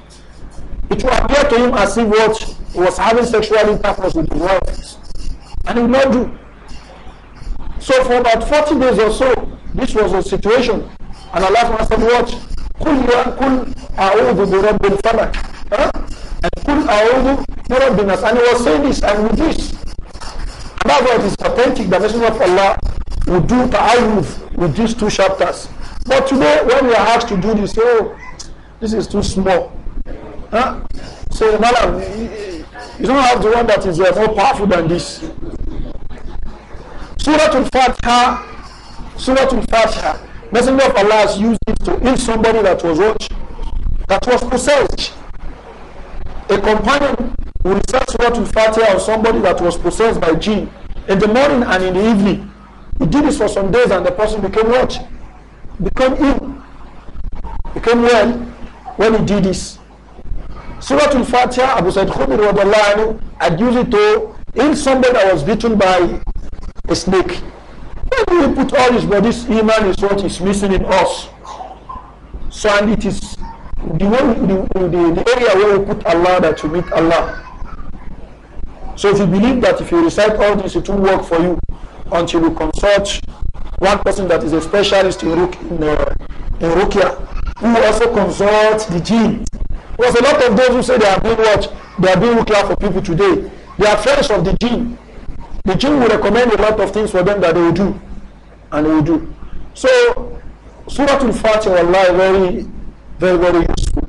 [SPEAKER 1] It will appear to him as if what was having sexual intercourse with his wife. And he will not do. So for about 40 days or so, this was the situation. And Allah said, what? قُلْ you أَعُوذُ بِرَبِّ الْفَلَكِ huh? And قُلْ أَعُوذُ بِرَبِّ النَّاسِ And he was saying this and with this. And that's why it is authentic. The Messenger of Allah would do ta'awuf with these two chapters. But today, when we are asked to do this, oh, this is too small. Huh? So, madam, you don't have the one that is uh, more powerful than this. Surah Al-Fatiha, Surah Al-Fatiha, Messenger of Allah has used it to heal somebody that was what? That was possessed. A companion who recites Surah Al-Fatiha on somebody that was possessed by jinn in the morning and in the evening. He did this for some days and the person became what? became ill, became well when he did this. Surah Al-Fatiha, Abu Said Khudri had use it to heal somebody that was bitten by a snake. When we put all his this iman is what is missing in us. So and it is the, one, the, the, the area where we put Allah that you meet Allah. So if you believe that if you recite all this, it will work for you until you consult one person that is a specialist in, Ruk- in, uh, in Rukia, who also consults the jinn. Because a lot of those who say they are being watched, they are being Rukia for people today, they are friends of the jinn. The jinn will recommend a lot of things for them that they will do, and they will do. So, Surah Al-Fatiha, Allah, very, very, very useful.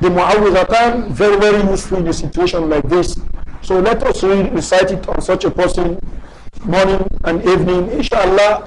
[SPEAKER 1] The Mu'awwidhatan, very, very useful in a situation like this. So let us recite it on such a person morning and evening. Inshallah,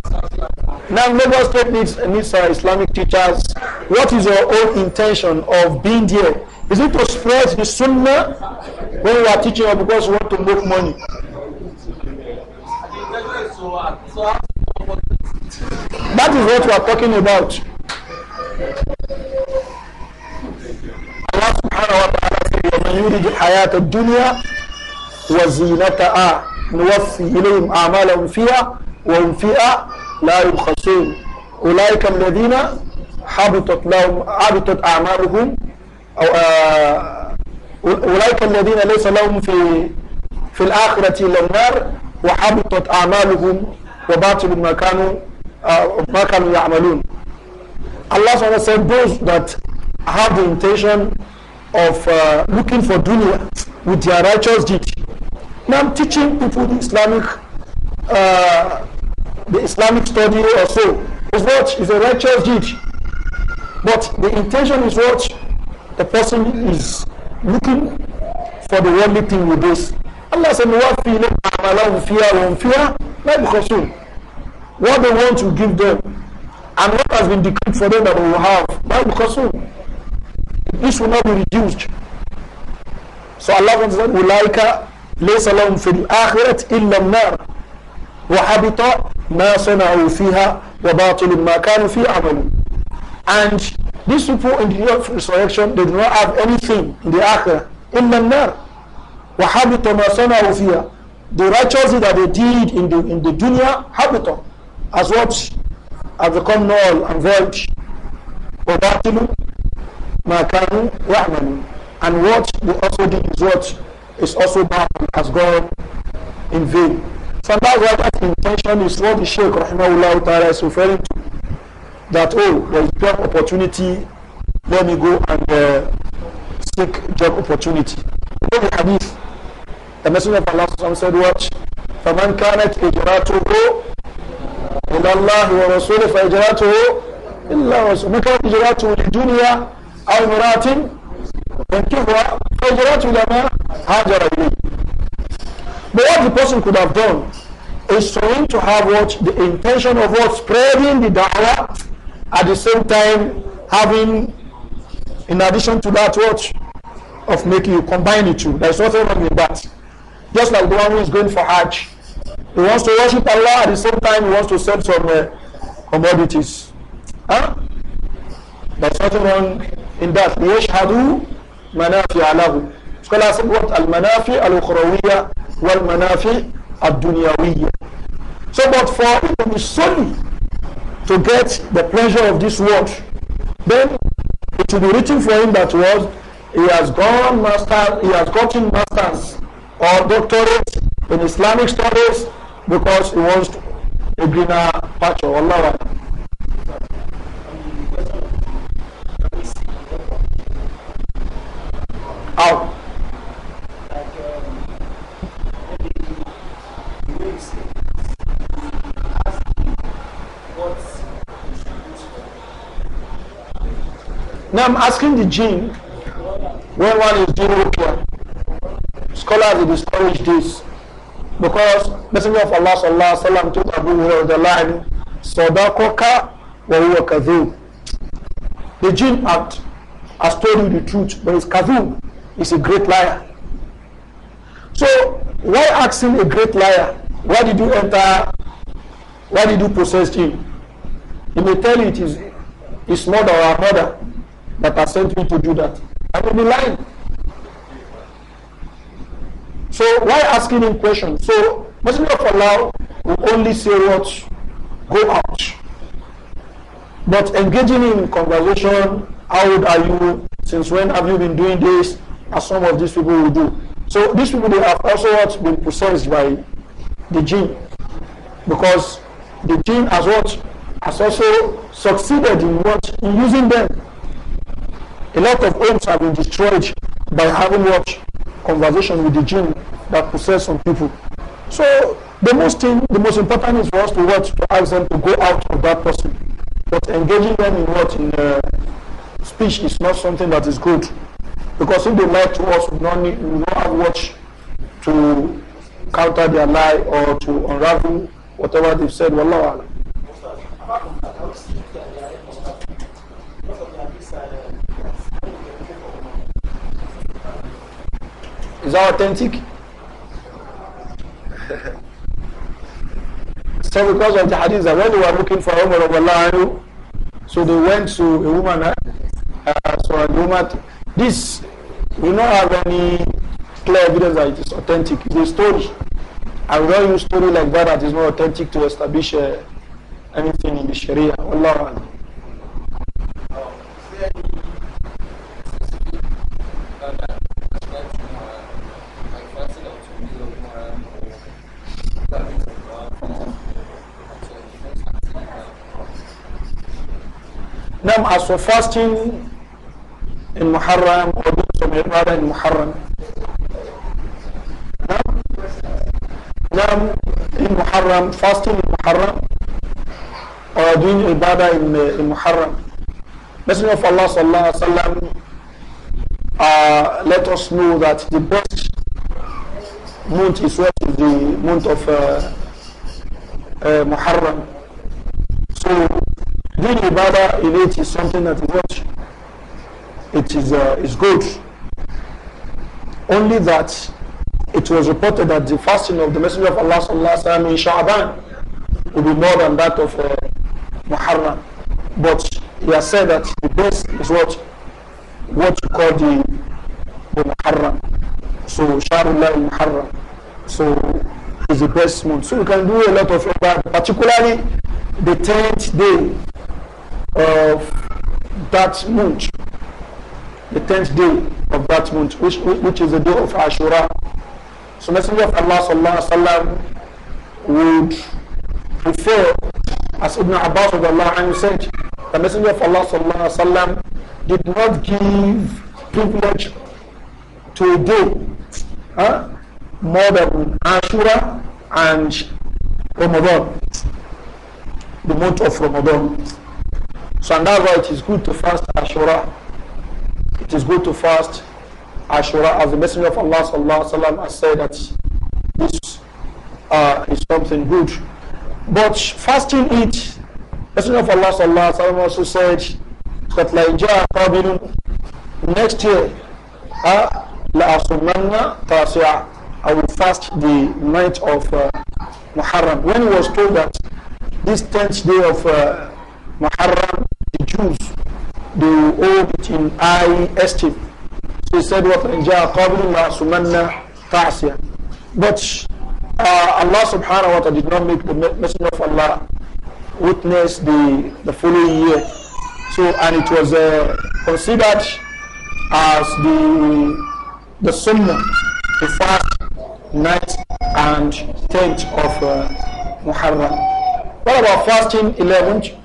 [SPEAKER 1] Now, Lagos State needs, needs our uh, Islamic teachers. What is your own intention of being there? Is it to spread the sunnah when you are teaching or because you want to make money? That is what we are talking about. Allah وهم فئة لا يبخسون أولئك الذين حبطت لهم حبطت أعمالهم أو آه، أولئك الذين ليس لهم في في الآخرة إلا النار وحبطت أعمالهم وباطل ما كانوا uh, ما كانوا يعملون Allah subhanahu said those that have the intention of uh, looking for dunya with their righteous deed. Now I'm teaching people the Islamic uh, the Islamic study or so is what is a righteous deed. But the intention is what the person is looking for the worldly thing with this. Allah said, What they want to give them and what has been decreed for them that they will have. Why? Because This will not be reduced. So Allah wants that Ulaika ليس لهم في الآخرة إلا النار وحبط ما صنعوا فيها وباطل ما كانوا فيه عملون and these people in the day of resurrection they do not have anything in the akhirah إلا النار وحبط ما صنعوا فيها the righteousness that they did in the in the dunya habitat as what have become null and void وباطل ما كانوا يعملون and what they also did is what is also bad has gone in vain So that's why intention is what the Sheikh Rahimahullah Ta'ala is referring to. That, oh, there is job opportunity, let me go and uh, seek job opportunity. In the hadith, the Messenger of Allah said, watch, فَمَنْ كَانَتْ إِجْرَاتُهُ إلى الله ورسوله فإجراته إلا رسول مكان إجراته للدنيا أو مرات ينكفها فإجراته إلى ما هاجر إليه But what the person could have done is trying to have what the intention of what spreading the dawah at the same time having in addition to that what of making you combine the two. There's nothing wrong with that. Just like the one who is going for Hajj. He wants to worship Allah at the same time he wants to sell some uh, commodities. Huh? There's nothing wrong in that. Yashhadu manafi له. Scholars said what al-manafi al-ukhrawiyya wal manafi ad So, but for it to be solely to get the pleasure of this world, then it will be written for him that was he has gone master, he has gotten masters or doctorate in Islamic studies because he wants to a greener patch of Allah. Out. Now I'm asking the jinn when one is doing ruqya. Scholars will discourage this because Messenger of Allah sallallahu alaihi wasallam told Abu Hurairah Sadaqaka wa huwa kadhib. The jinn act has told you the truth, but it's kadhib. It's a great liar. So why asking a great liar? Why did you enter? Why did you possess him? He may tell you it is his mother or her mother that has sent me to do that? I will be lying. So why asking him questions? So Messenger of Allah will only say what? Go out. But engaging in conversation, how old are you? Since when have you been doing this? As some of these people will do. So these people they have also been possessed by the jinn. Because the jinn has what has also succeeded in what in using them a lot of homes have been destroyed by having watched conversation with the jinn that possess some people. So the most thing, the most important is for us to watch to ask them to go out of that person. But engaging them in what in uh, speech is not something that is good, because if they lie to us, we don't need, we don't have watch to counter their lie or to unravel whatever they've said. Wallahu Is that authentic? so because of the hadith that when they were looking for Umar of Allah, so they went to a woman, uh, so a woman, this, we don't have any clear evidence that it is authentic. It's a story. And we don't use story like that that is not authentic to establish uh, anything in the Sharia. Allah as for fasting in Muharram or doing some ibadah in Muharram. Now, now in Muharram, fasting in Muharram or doing ibadah in, uh, in Muharram. Messenger of Allah sallallahu alaihi wasallam uh, let us know that the best month is what is the month of uh, uh, Muharram. Ibadah in it is something that is what? It is, uh, is good. Only that it was reported that the fasting of the Messenger of Allah sallallahu alaihi wasallam in Sha'ban will be more than that of uh, Muharram. But he has said that the best is what what you call the, the Muharram. So Sharullah Muharram. So is the best month. So you can do a lot of ibadah, uh, particularly the tenth day of that month, the tenth day of that month, which, which is the day of Ashura. So Messenger of Allah sallallahu alaihi wasallam would prefer, as Ibn Abbas of Allah and said, the Messenger of Allah sallallahu alaihi wasallam did not give privilege to a day huh, more than Ashura and Ramadan, the month of Ramadan. So and that's why it is good to fast Ashura. It is good to fast Ashura as the Messenger of Allah sallallahu alaihi wasallam has said that this uh, is something good. But fasting it, Messenger of Allah sallallahu alaihi wasallam also said that next year uh, I will fast the night of uh, Muharram. When he was told that this 10th day of uh, Muharram the Jews, they hold it in high esteem. So he said, What But uh, Allah subhanahu wa ta'ala did not make the messenger of Allah witness the, the following year. So, and it was uh, considered as the the sunnah, the first night and tenth of uh, Muharram. What about fasting 11th?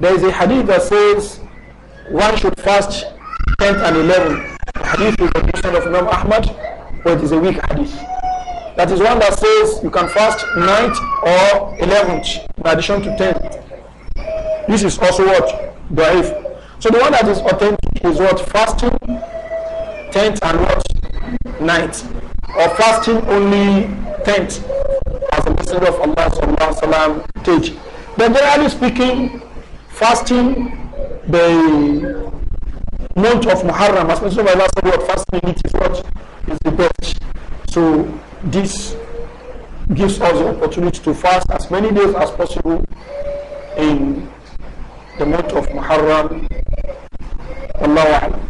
[SPEAKER 1] There is a hadith that says one should fast 10th and 11th. The hadith is the person of Imam Ahmad, but it is a weak hadith. That is one that says you can fast 9th or 11th in addition to 10th. This is also what? Da'if. So the one that is authentic is what? Fasting 10th and what? 9th. Or fasting only 10th as the Messenger of Allah sallallahu teach. generally speaking, fasting the month of Muharram, as mentioned by last word, fasting in it is what is the best. So this gives us the opportunity to fast as many days as possible in the month of Muharram. Allah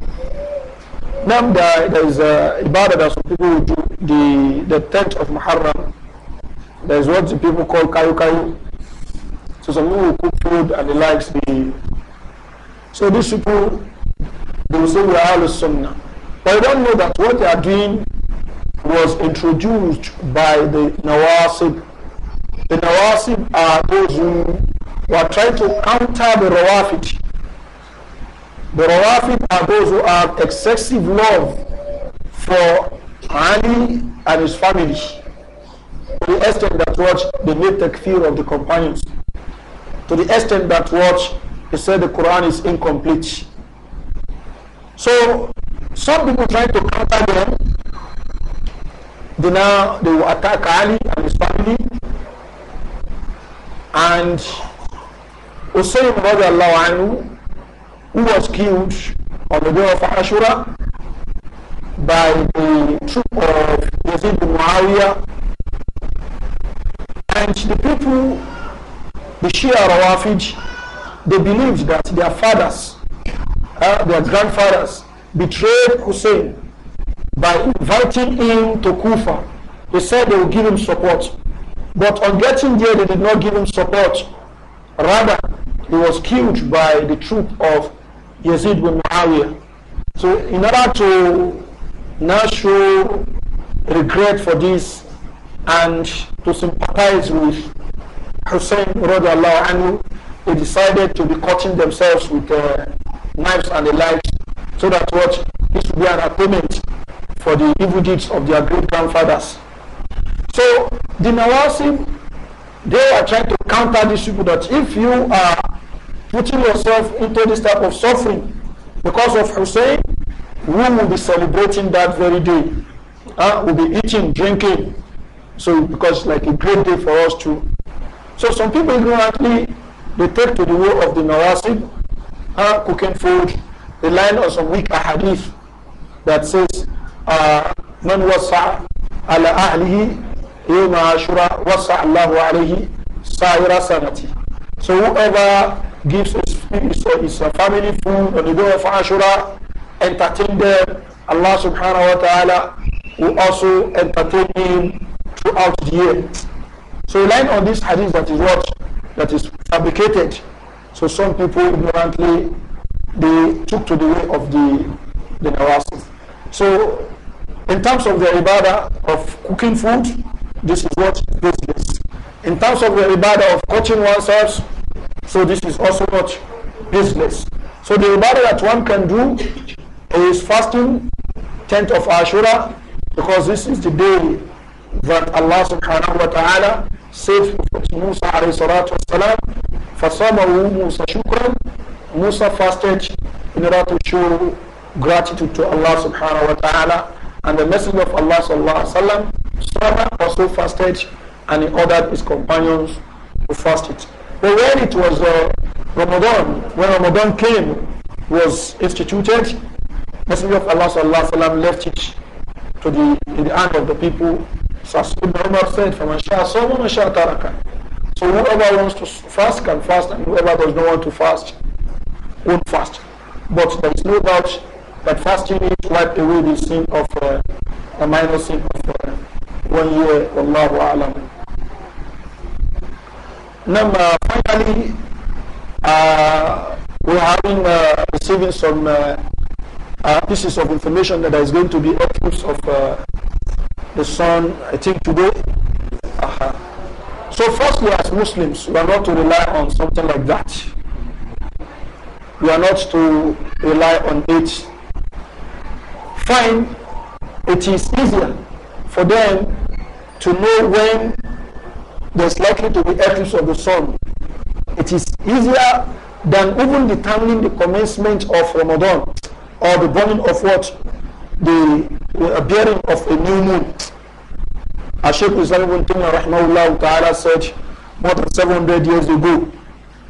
[SPEAKER 1] Now there, there is a ibadah that some people do, the, the 10th of Muharram. There is what the people call kayu kayu. So some people cook food and the likes be. So these people, they will say we are Ahlul Sunnah. But I don't know that what they are doing was introduced by the Nawasib. The Nawasib are those who were trying to counter the Rawafid. The Rawafid are those who have excessive love for Ali and his family. To the extent that watch they made takfir of the companions to the extent that what he said the Quran is incomplete. So some people trying to counter them, they now they will attack Ali and his family, and Allah anhu, who was killed on the day of Ashura by the troop of Yazid Muawiyah, and the people the Shia Rawafij, they believed that their fathers, uh, their grandfathers, betrayed Hussein by inviting him to Kufa. They said they would give him support. But on getting there, they did not give him support. Rather, he was killed by the troop of Yazid bin Muawiyah. So in order to now show regret for this and to sympathize with Hussein radiallahu anhu, they decided to be cutting themselves with uh, knives and the like, so that what this would be an atonement for the evil deeds of their great grandfathers. So the Nawasim, they are trying to counter these people that if you are putting yourself into this type of suffering because of Hussein, we will be celebrating that very day. Uh, we'll be eating, drinking. So because like a great day for us to So some people ignorantly, they take to the way of the Nawasib, uh, cooking food, the line of some weak hadith that says, من وسع على أهله يوم عاشوراء وسع الله عليه سائر سنتي. So whoever gives his, his, his family food on the day of Ashura, entertain them, Allah subhanahu wa ta'ala will also entertain him throughout the year. So relying on this hadith that is what? That is fabricated. So some people ignorantly they took to the way of the the Nawasif. So in terms of the ibadah of cooking food, this is what baseless. In terms of the ibadah of coaching oneself, so this is also not baseless. So the ibadah that one can do is fasting, tenth of Ashura, because this is the day that Allah subhanahu wa ta'ala سيف موسى عليه الصلاة والسلام فصامه موسى شكرا Musa fasted in order to show gratitude to Allah subhanahu wa ta'ala and the messenger of Allah sallallahu alaihi wasallam Sarah also fasted and he ordered his companions to fast it. But when it was uh, Ramadan, when Ramadan came, was instituted, Messenger of Allah sallallahu alaihi wasallam left it to the in the hand of the people Rasul Umar said, from شَاءَ So whoever wants to fast can fast, and whoever does not want to fast won't fast. But there is no doubt that fasting is wipe away the sin of uh, minor sin of uh, one year. Wallahu alam. Number finally, uh, we're uh, receiving some uh, uh, pieces of information that is going to be outputs of uh, the sun, I think today. Uh -huh. So, firstly, as Muslims, we are not to rely on something like that. We are not to rely on it. Fine, it is easier for them to know when there is likely to be eclipse of the sun. It is easier than even determining the commencement of Ramadan or the burning of what the, appearing of a new moon. Ashik Islam ibn Taymiyyah rahmahullah ta'ala said more than 700 years ago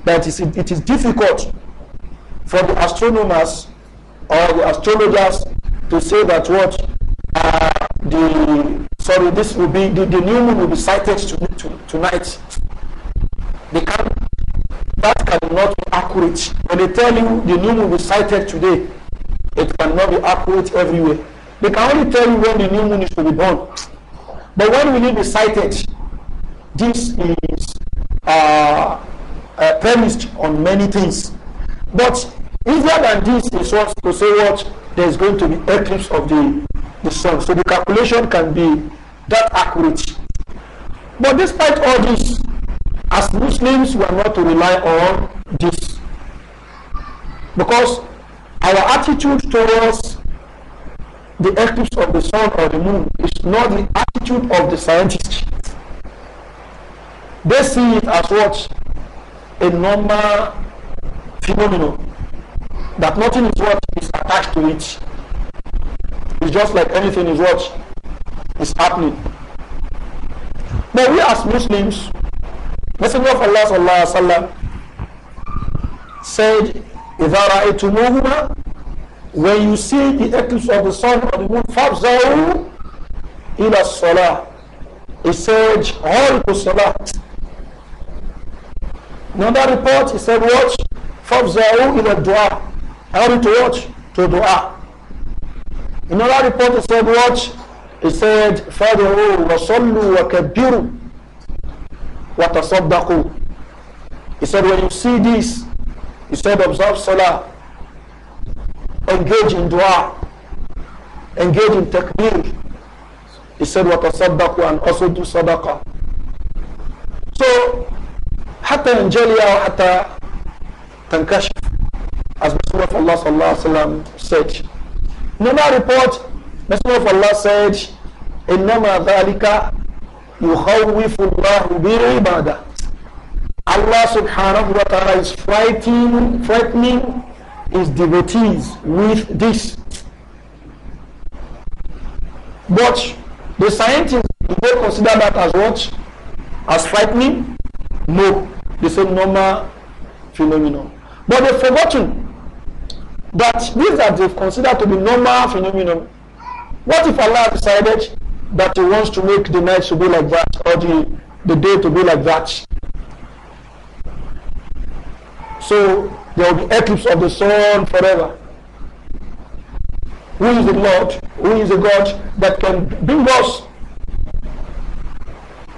[SPEAKER 1] that it is difficult for the astronomers or the astrologers to say that what uh, the sorry this will be the, the new moon will be sighted to, to, tonight they can that cannot be accurate when they tell you the new moon will be sighted today It cannot be accurate everywhere. They can only tell you when the new moon is to be born. But when will it be sighted? This is uh, uh, premised on many things. But easier than this is what to say what there is going to be eclipse of the, the sun. So the calculation can be that accurate. But despite all this, as Muslims, we are not to rely on this. Because Our attitude towards the eclipse of the sun or the moon is not the attitude of the scientists. They see it as what? A normal phenomenon. That nothing is what is attached to it. It's just like anything is what is happening. Now we as Muslims, Messenger of Allah sallallahu alaihi wasallam said إذا رأيتموهما when you see the eclipse of the sun or the moon فَابْزَعُوا إلى الصلاة. He said, all to salat. Another report, he said, watch, فَابْزَعُوا إلى الدعاء. Hurry to watch, to dua. Another report, he said, watch, he said, فَادْعُوا وَصَلُّوا وكبروا وتصدقوا. He said, when you see this, He said, observe Salah, engage in dua, engage in takbir. He said, "What a Sadaqah and also do sadaqah. So, حتى ينجلي أو حتى تنكشف as Messenger of Allah sallallahu alaihi wasallam said. Another report, Messenger of Allah said, إنما ذلك يخوف الله بعباده Allah subhanahu wa ta'ala is frightening, frightening his devotees with this. But the scientists do they consider that as what? As frightening? No. They say normal phenomenon. But they've forgotten that these that they've considered to be normal phenomenon. What if Allah decided that he wants to make the night to be like that or the, the day to be like that? So there will be eclipse of the sun forever. Who is the Lord? Who is the God that can bring us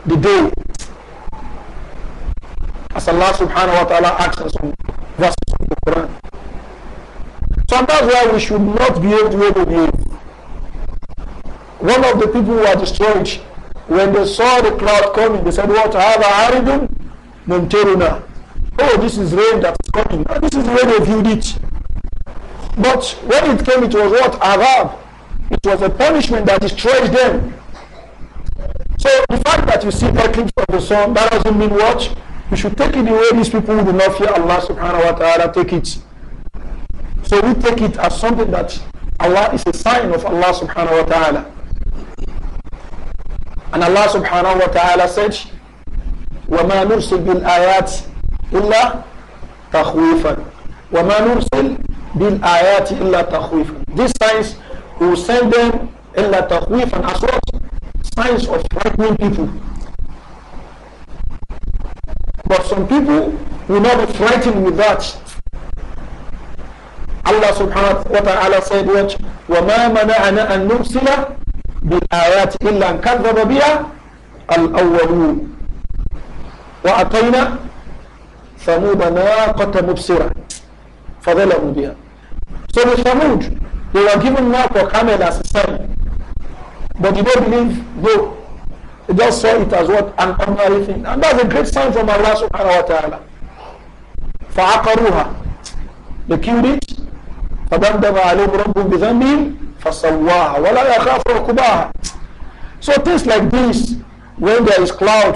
[SPEAKER 1] the day? As Allah subhanahu wa ta'ala asks us on verses of the Quran. So that's why we should not be able to we One of the people who were destroyed, when they saw the cloud coming, they said, What? Hada aridun mumtiruna oh, this is rain that is coming. No, ah, this is the way they viewed it. But when it came, it was what? Arab. It was a punishment that destroyed them. So the fact that you see eclipse of the sun, that doesn't mean what? You should take it the way these people who do not fear Allah subhanahu wa ta'ala take it. So we take it as something that Allah is a sign of Allah subhanahu wa ta'ala. And Allah subhanahu wa ta'ala said, وَمَا نُرْسِلْ بِالْآيَاتِ إلا تخويفا وما نرسل بالآيات إلا تخويفا. these signs we will send them إلا تخويفا. as what signs of frightening people but some people will not be frightened with that Allah subhanahu wa ta'ala said what وما منعنا أَن نُرْسِلَ بِالْآيَاتِ إِلَّا أَن كَذَّبَ بِهَا الْأَوَّلُونَ وَأَتَيْنَا ثمود ناقة مبصرة فظلموا بها So the Thamud, they were given now for camel as a sign. But they don't believe, no. They just saw it as what an ordinary thing. And that's a great sign from Allah subhanahu wa ta'ala. فعقروها They killed it. فدمدم عليهم ربهم بذنبهم فسواها ولا يخاف عقباها. So things like this, when there is cloud,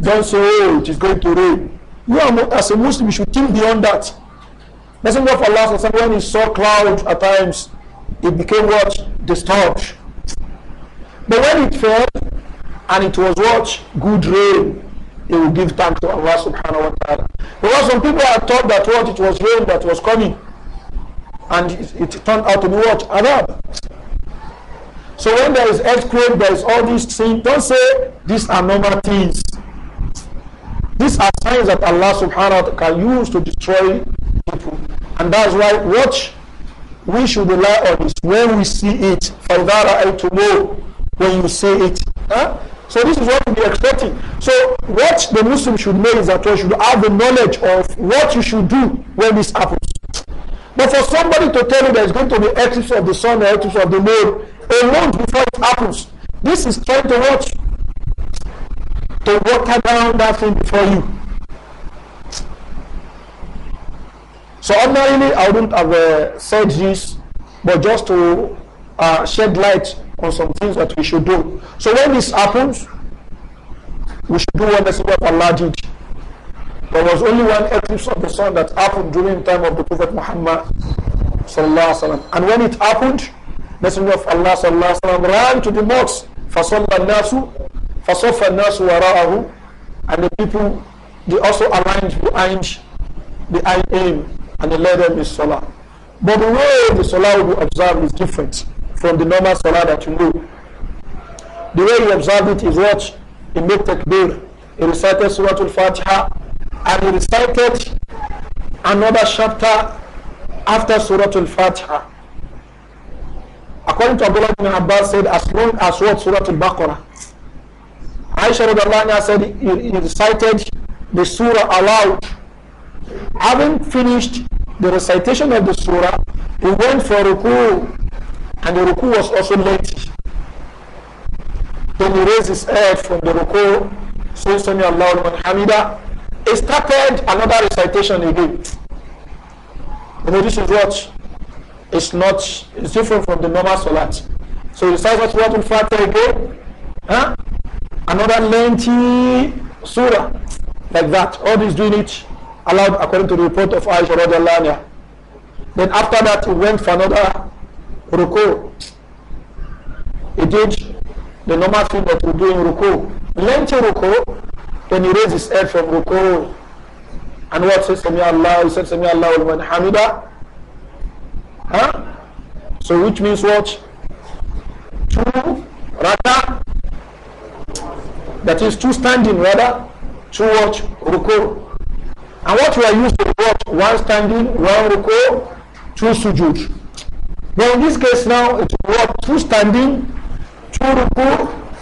[SPEAKER 1] don't say, oh, it is going to rain. You are, as a Muslim, you should think beyond that. Messenger of Allah, when he saw cloud at times, it became what? Disturbed. But when it fell, and it was what? Good rain, it will give thanks to Allah subhanahu wa ta'ala. Because some people had thought that what? It was rain that was coming. And it, it turned out to be what? Adab. So when there is earthquake, there is all these things. Don't say these are normal things. These are signs that Allah subhanahu wa ta'ala can use to destroy people. And that's why watch. we should rely on this when we see it. to know When you see it. Huh? So this is what we are expecting. So what the Muslim should know is that we should have the knowledge of what you should do when this happens. But for somebody to tell you there is going to be eclipse of the sun or eclipse of the moon a month before it happens, this is trying to watch to water down that thing before you. So ordinarily, I wouldn't have uh, said this, but just to uh, shed light on some things that we should do. So when this happens, we should do what the of Allah did. There was only one eclipse of the sun that happened during time of the Prophet Muhammad sallallahu And when it happened, Messenger of Allah sallallahu ran to the mosque. فَصَلَّى For so far fasofa nasu wara'ahu and the people they also arrange behind behind him and they led them in salah. But the way the salah we be observed is different from the normal salah that you know. The way you observe it is what he made takbir. He recited Surah Al-Fatiha and he recited another chapter after Surah Al-Fatiha. According to Abdullah ibn Abbas said, as long as what Surah Al-Baqarah Aisha Radallahu said he, recited the surah aloud. Having finished the recitation of the surah, he went for ruku and the ruku was also late. Then he raised his head from the ruku, so Sami Allahu hamida. He started another recitation again. You know, this is what it's not, it's different from the normal salat. So he recites what will again, huh? another lengthy surah like that. All these doing it allowed according to the report of Aisha radiallahu Then after that he went for another ruku. He did the normal thing that we do in ruku. Lengthy ruku, then he raised his head from ruku. And what says Sami Allah? He said Sami Allah al Hamida. Huh? So which means what? Two raka that is two standing rather two watch ruko, and what we are used to watch one standing one ruko, two sujud now in this case now it will work two standing two ruko,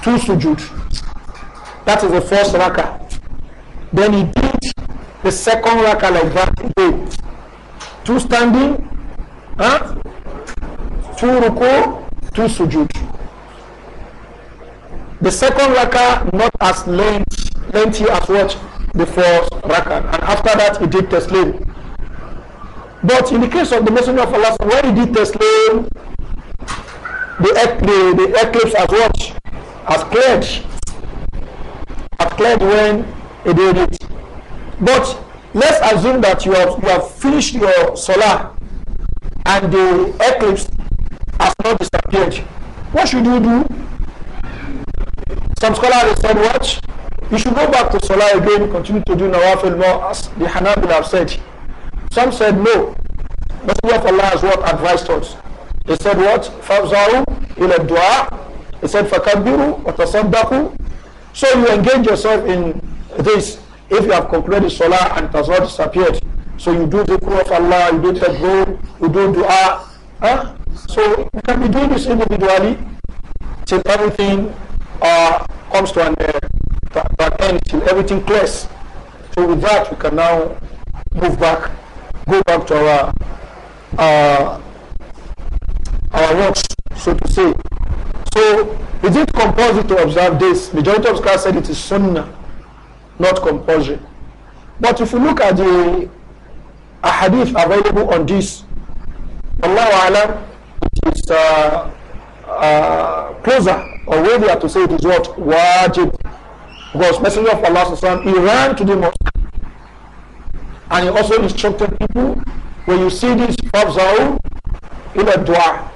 [SPEAKER 1] two sujud that is the first raka then he did the second raka like that again two standing huh? two ruko, two sujud The second raka' not as length, lengthy as what? The first raka' And after that, he did taslim. But in the case of the Messenger of Allah, when he did taslim, the, the, the eclipse has what? Has cleared. Has cleared when he did it. But let's assume that you have, you have finished your salah and the eclipse has not disappeared. What should you do? Some scholars have said, watch, you should go back to Salah again, continue to do Nawafil more, as the Hanabil have said. Some said, no. Messenger of Allah has what advised us. He said what? فَافْزَعُوا ila الدُّعَاء He said فَكَبِّرُوا daku." So you engage yourself in this. If you have concluded Salah and it has not disappeared, so you do the call of Allah, you do tadbur, you do dua. Huh? So you can be doing this individually till everything uh, comes to an, uh, an end till everything clears. So with that, we can now move back, go back to our uh, our works, so to say. So is it compulsory to observe this? Majority of scholars said it is sunnah, not compulsory. But if you look at the hadith available on this, Allah Alam, it is uh, Uh, closer or where they are to say it is what wajib because messenger of allah sallam, he ran to the mosque and he also instructed people when you see this fafza'u a dua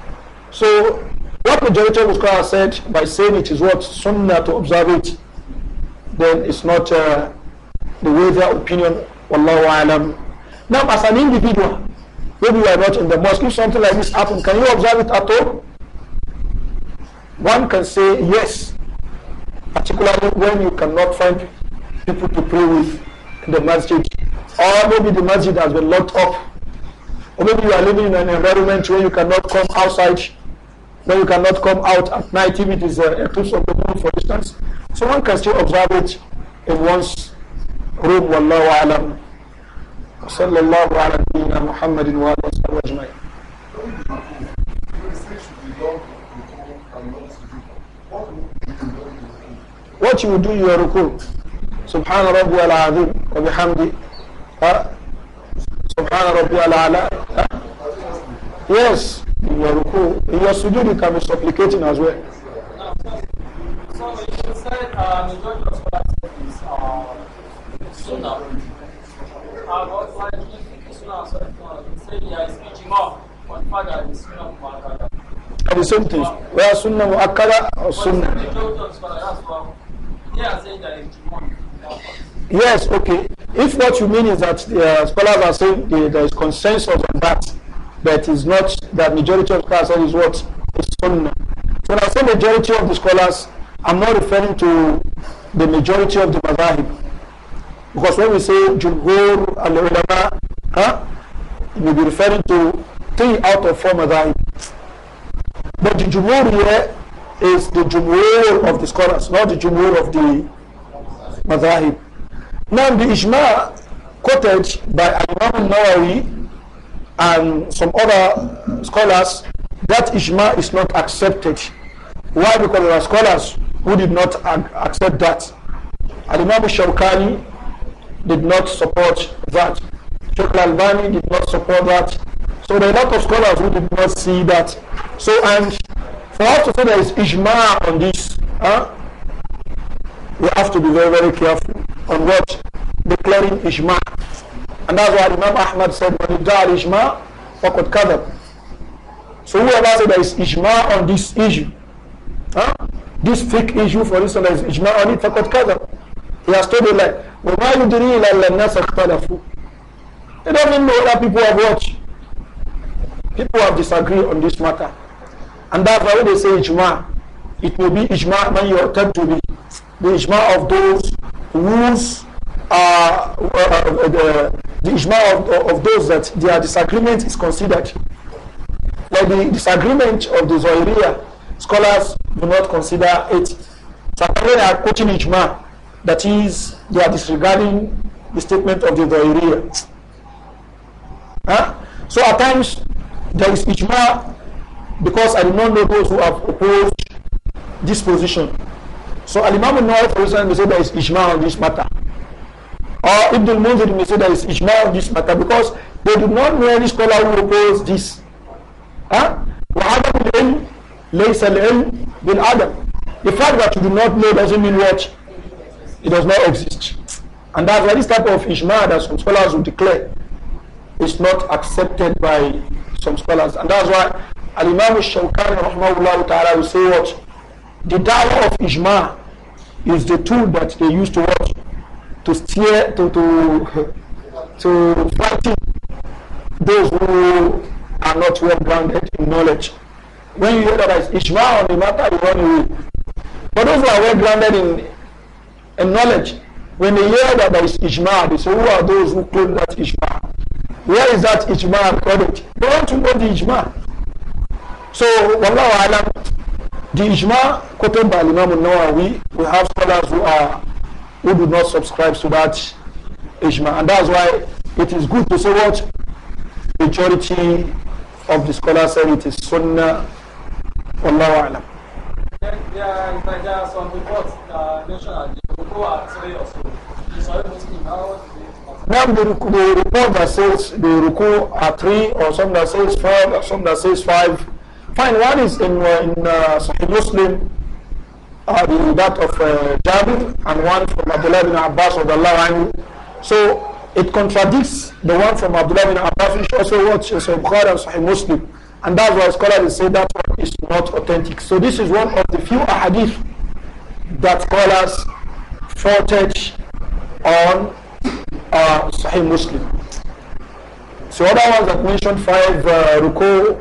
[SPEAKER 1] so what majority of scholars said by saying it is what sunnah to observe it then it's not uh, the way their opinion wallahu alam now as an individual maybe you are not in the mosque if something like this happens can you observe it at all One can say yes, particularly when you cannot find people to pray with in the masjid. Or maybe the masjid has been locked up. Or maybe you are living in an environment where you cannot come outside, where you cannot come out at night if it is a uh, eclipse of the moon, for instance. So one can still observe it in one's room, wallahu alam. وصلى الله على نبينا محمد وآله وصحبه أجمعين what you do in your ruku subhana rabbi wa alazim wa bihamdi subhana rabbi wa ala yes in your ruku in your sujood you can be supplicating as well so you said uh, majority sunnah uh, but like if at the same thing where sunnah muakkada or sunnah Yes, okay. If what you mean is that the uh, scholars are saying the, there is consensus on that, that is not that majority of scholars is what is sunnah. When I say majority of the scholars, I'm not referring to the majority of the Mazahib. Because when we say jumhur al huh, we'll be referring to three out of four Mazahib. But the jumhur here is the jumhur of the scholars, not the jumhur of the madhahib. Now the Ijma quoted by Imam Nawawi and some other scholars, that Ijma is not accepted. Why? Because there are scholars who did not accept that. And Imam Shawkani did not support that. Sheikh Albani did not support that. So there are a lot of scholars who did not see that. So and For us to say there is ijma on this, huh? we have to be very, very careful on what declaring ijma. And that's why Imam Ahmad said, "When you die ijma, faqad kadab." So whoever says there is ijma on this issue, huh? this fake issue, for instance, there is ijma on it, faqad kadab. He has told you like, وَمَا يُدْرِي إِلَّا like that? He doesn't even know that people have watched. People have disagreed on this matter. And that's why when they say ijma, it will be ijma you yu'tad to be. The ijma of those rules are, uh, uh, the, the ijma of, of those that their disagreement is considered. Like the disagreement of the Zohiriya, scholars do not consider it. So they are quoting ijma, that is, they are disregarding the statement of the Zohiriya. Huh? So at times, there is ijma because I do not know those who have opposed this position. So Al-Imam al-Nawawi for instance may say that is ijma on this matter. Or Ibn al-Munzir may say that is ijma on this matter because they do not know any scholar who opposes this. Huh? وعدم العلم ليس العلم بالعدم. The fact that you do not know doesn't mean what? It does not exist. And that's why this type of ijma that some scholars will declare is not accepted by some scholars. And that's why alimami shawkani rahmahullah ta'ala will say what the dawah of ijma is the tool that they use to what to steer to to to fighting those who are not well grounded in knowledge when you hear that as ijma on the matter you run away but those who are well grounded in in knowledge when they hear that there is ijma they say who are those who claim that ijma where is that ijma recorded they want to know the ijma so wallahu alam the ijma quoted by Imam Nawawi we have scholars who are who do not subscribe to that ijma and that's why it is good to say what majority of the scholars say. it is sunnah wallahu alam then uh, there, there are some reports uh, mentioned Now the, report that says the ruku are three or some that says four, some that says five, Fine, one is in, uh, in uh, Sahih Muslim, uh, that of uh, Jabir, and one from Abdullah bin Abbas of Allah. So it contradicts the one from Abdullah bin Abbas, which also was Bukhari and Sahih Muslim. And that's why scholars say that one is not authentic. So this is one of the few ahadith that scholars faulted on uh, Sahih Muslim. So other ones that mentioned five uh, ruku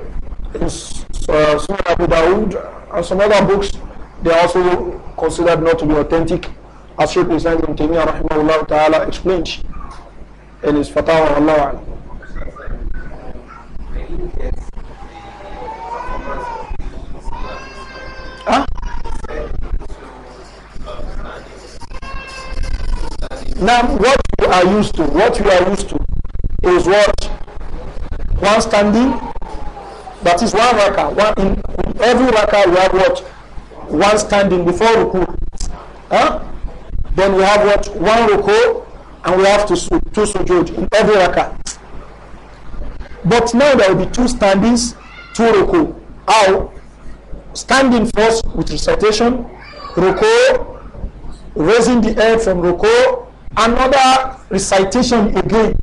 [SPEAKER 1] uh, Sunan Abu Dawood, and some other books, they are also considered not to be authentic, as Sheikh Islam Ibn Taymiyyah rahimahullah ta'ala explained in his fatwa Allah. Huh? Now, what we are used to, what we are used to is what one standing that is one raka one in every raka we have what one standing before ruku huh? then we have what one ruku and we have to two sujood in every raka but now there will be two standings two ruku how standing first with recitation ruku raising the head from ruku another recitation again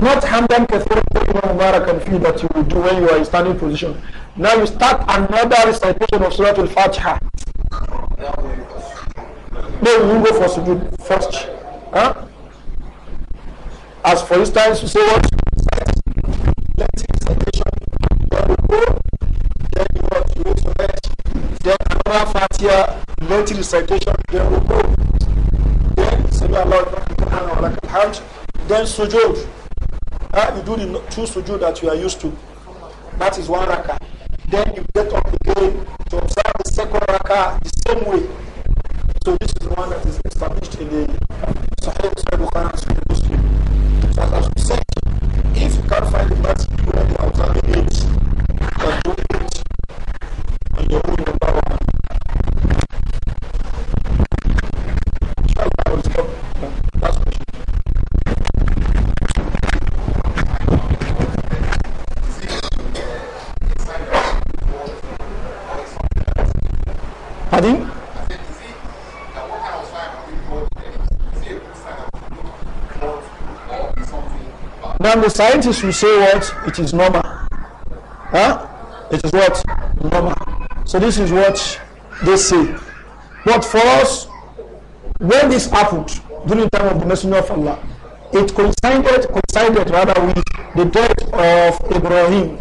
[SPEAKER 1] not hand hamdan kathiran mubarakan fi that you will do when you are in standing position. Now you start another recitation of Surah Al-Fatiha. Then you go for sujood first. Huh? As for instance, you say what? Let's recitation. Then you go. Then you what? You go to bed. Then another Fatiha. Let's recitation. Then you go. Then Sabi Allah. Then sujood. Uh, you do the two sujood that you are used to. That is one raka. Then you get up again to observe the second raka the same way. So this is the one that is established in the Sahih Bukhari and Sahih Muslim. So as we said, if you can't find the masjid, you have to alternate it. You can do it on your own without the scientists will say what? It is normal. Huh? It is what? Normal. So this is what they say. But for us, when this happened during the time of the Messenger of Allah, it coincided, coincided rather with the death of Ibrahim,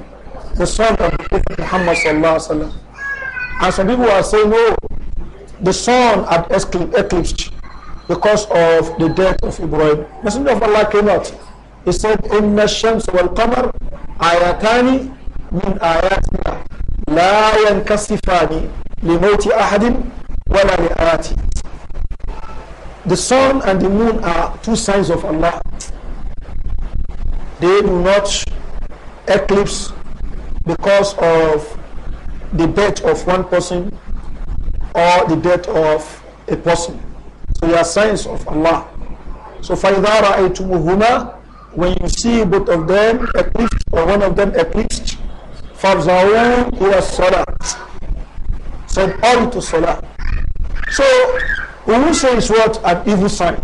[SPEAKER 1] the son of the Prophet Muhammad sallallahu alaihi wasallam. And some people are saying, no, the sun had eclipsed because of the death of Ibrahim. Messenger of Allah came out he said, wal-Qamar الشَّمْسَ min آيَاتَانِ la آيَاتِنَا لَا يَنْكَسِفَانِ لِمَوْتِ أَحَدٍ وَلَا لِآتِ The sun and the moon are two signs of Allah. They do not eclipse because of the death of one person or the death of a person. So they are signs of Allah. So فَإِذَا رَأَيْتُمُهُمَا when you see both of them eclipsed or one of them eclipsed, فَرْزَعُونَ إِلَى الصَّلَاةِ Send all to Salah. So, who will say it's what? An evil sign.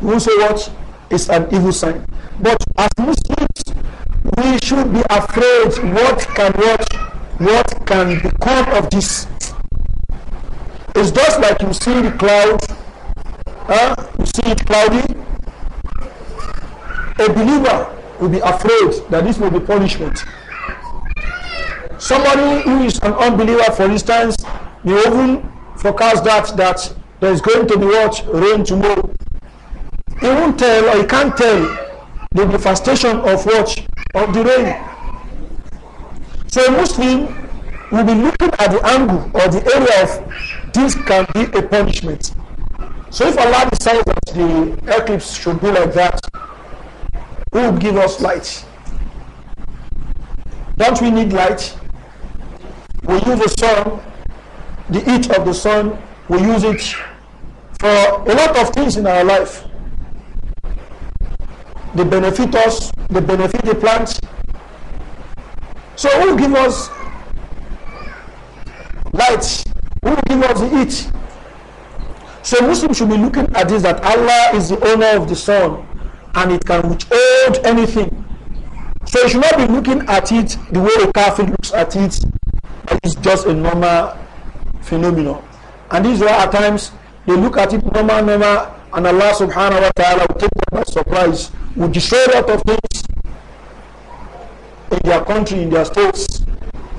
[SPEAKER 1] Who will say what? It's an evil sign. But as Muslims, we should be afraid what can what, what can become of this. It's just like you see the cloud, huh? you see it cloudy, a believer will be afraid that this will be punishment. Somebody who is an unbeliever, for instance, you even forecast that that there is going to be what rain tomorrow. He won't tell or he can't tell the devastation of what of the rain. So a Muslim will be looking at the angle or the area of this can be a punishment. So if Allah decides that the eclipse should be like that, who will give us light? Don't we need light? We use the sun, the heat of the sun, we use it for a lot of things in our life. They benefit us, they benefit the plants. So who will give us light? Who will give us the heat? So Muslims should be looking at this that Allah is the owner of the sun and it can withhold anything. So you should not be looking at it the way a kafir looks at it. It's just a normal phenomenon. And these are at times they look at it normal, normal, and Allah subhanahu wa ta'ala will take them by surprise, will destroy a lot of things in their country, in their states.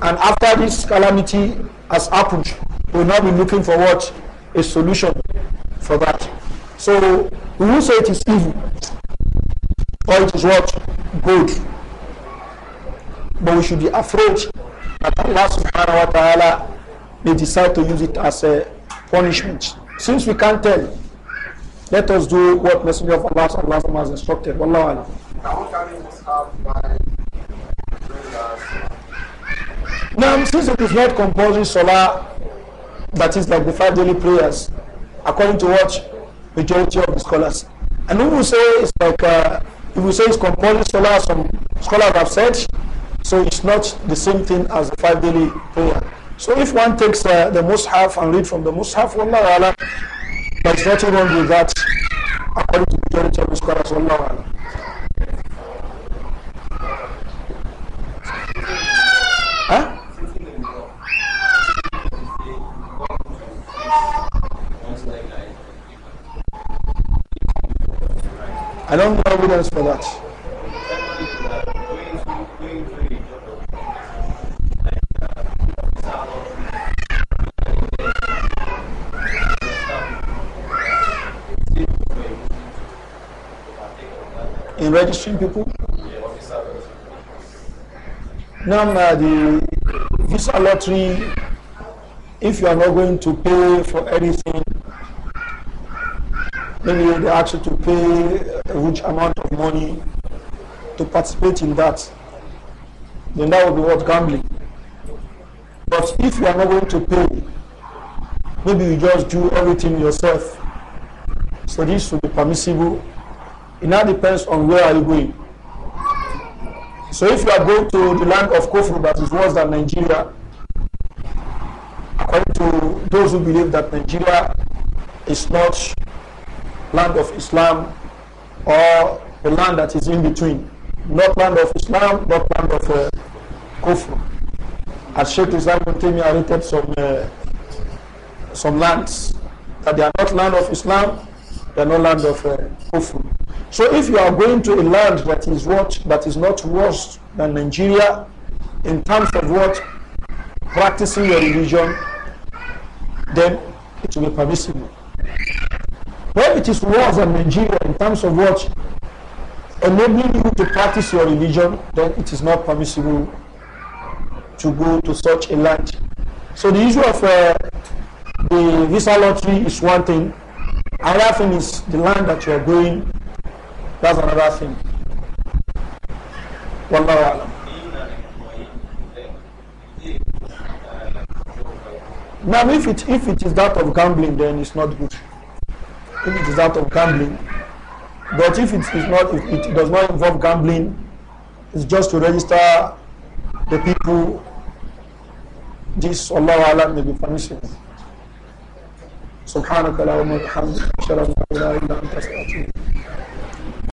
[SPEAKER 1] And after this calamity has happened, we will not be looking for what? A solution for that. So we will say it is evil or it is what? Good. But we should be afraid that Allah subhanahu wa ta'ala may decide to use it as a punishment. Since we can't tell, let us do what Messenger of Allah sallallahu alaihi has instructed. Wallahu alam. Now, since it is not compulsory salah, that is like the five daily prayers, according to what majority of the scholars, and who will say it's like uh, if we say it's compulsory salah, some scholars have said, so it's not the same thing as the five daily prayer. So if one takes uh, the mushaf and read from the mushaf, wallahu but there's nothing wrong with that according to the majority of the scholars, wallahu I don't know evidence for that. in registering people? Now, uh, the visa lottery, if you are not going to pay for anything, Maybe they ask you to pay a huge amount of money to participate in that. Then that would be worth gambling. But if you are not going to pay, maybe you just do everything yourself. So this would be permissible. It now depends on where are you going. So if you are going to the land of Kofu, that is worse than Nigeria, according to those who believe that Nigeria is not land of Islam or the land that is in between. Not land of Islam, not land of uh, Kufr. As Sheikh Islam Muntemi rated some, uh, some lands that they are not land of Islam, they are not land of uh, Kufr. So if you are going to a land that is what that is not worse than Nigeria in terms of what practicing your religion, then it will be permissible. Where it is wars than Nigeria in terms of what enabling you to practice your religion, then it is not permissible to go to such a land. So the issue of uh, the visa lottery is one thing. Another thing is the land that you are going. That's another thing. Wallahu Now, if it if it is that of gambling, then it's not good. if it is out of gambling. But if it is not, if it does not involve gambling, it's just to register the people. This Allah Allah may be permission. سبحانك اللهم وبحمدك اشهد ان لا اله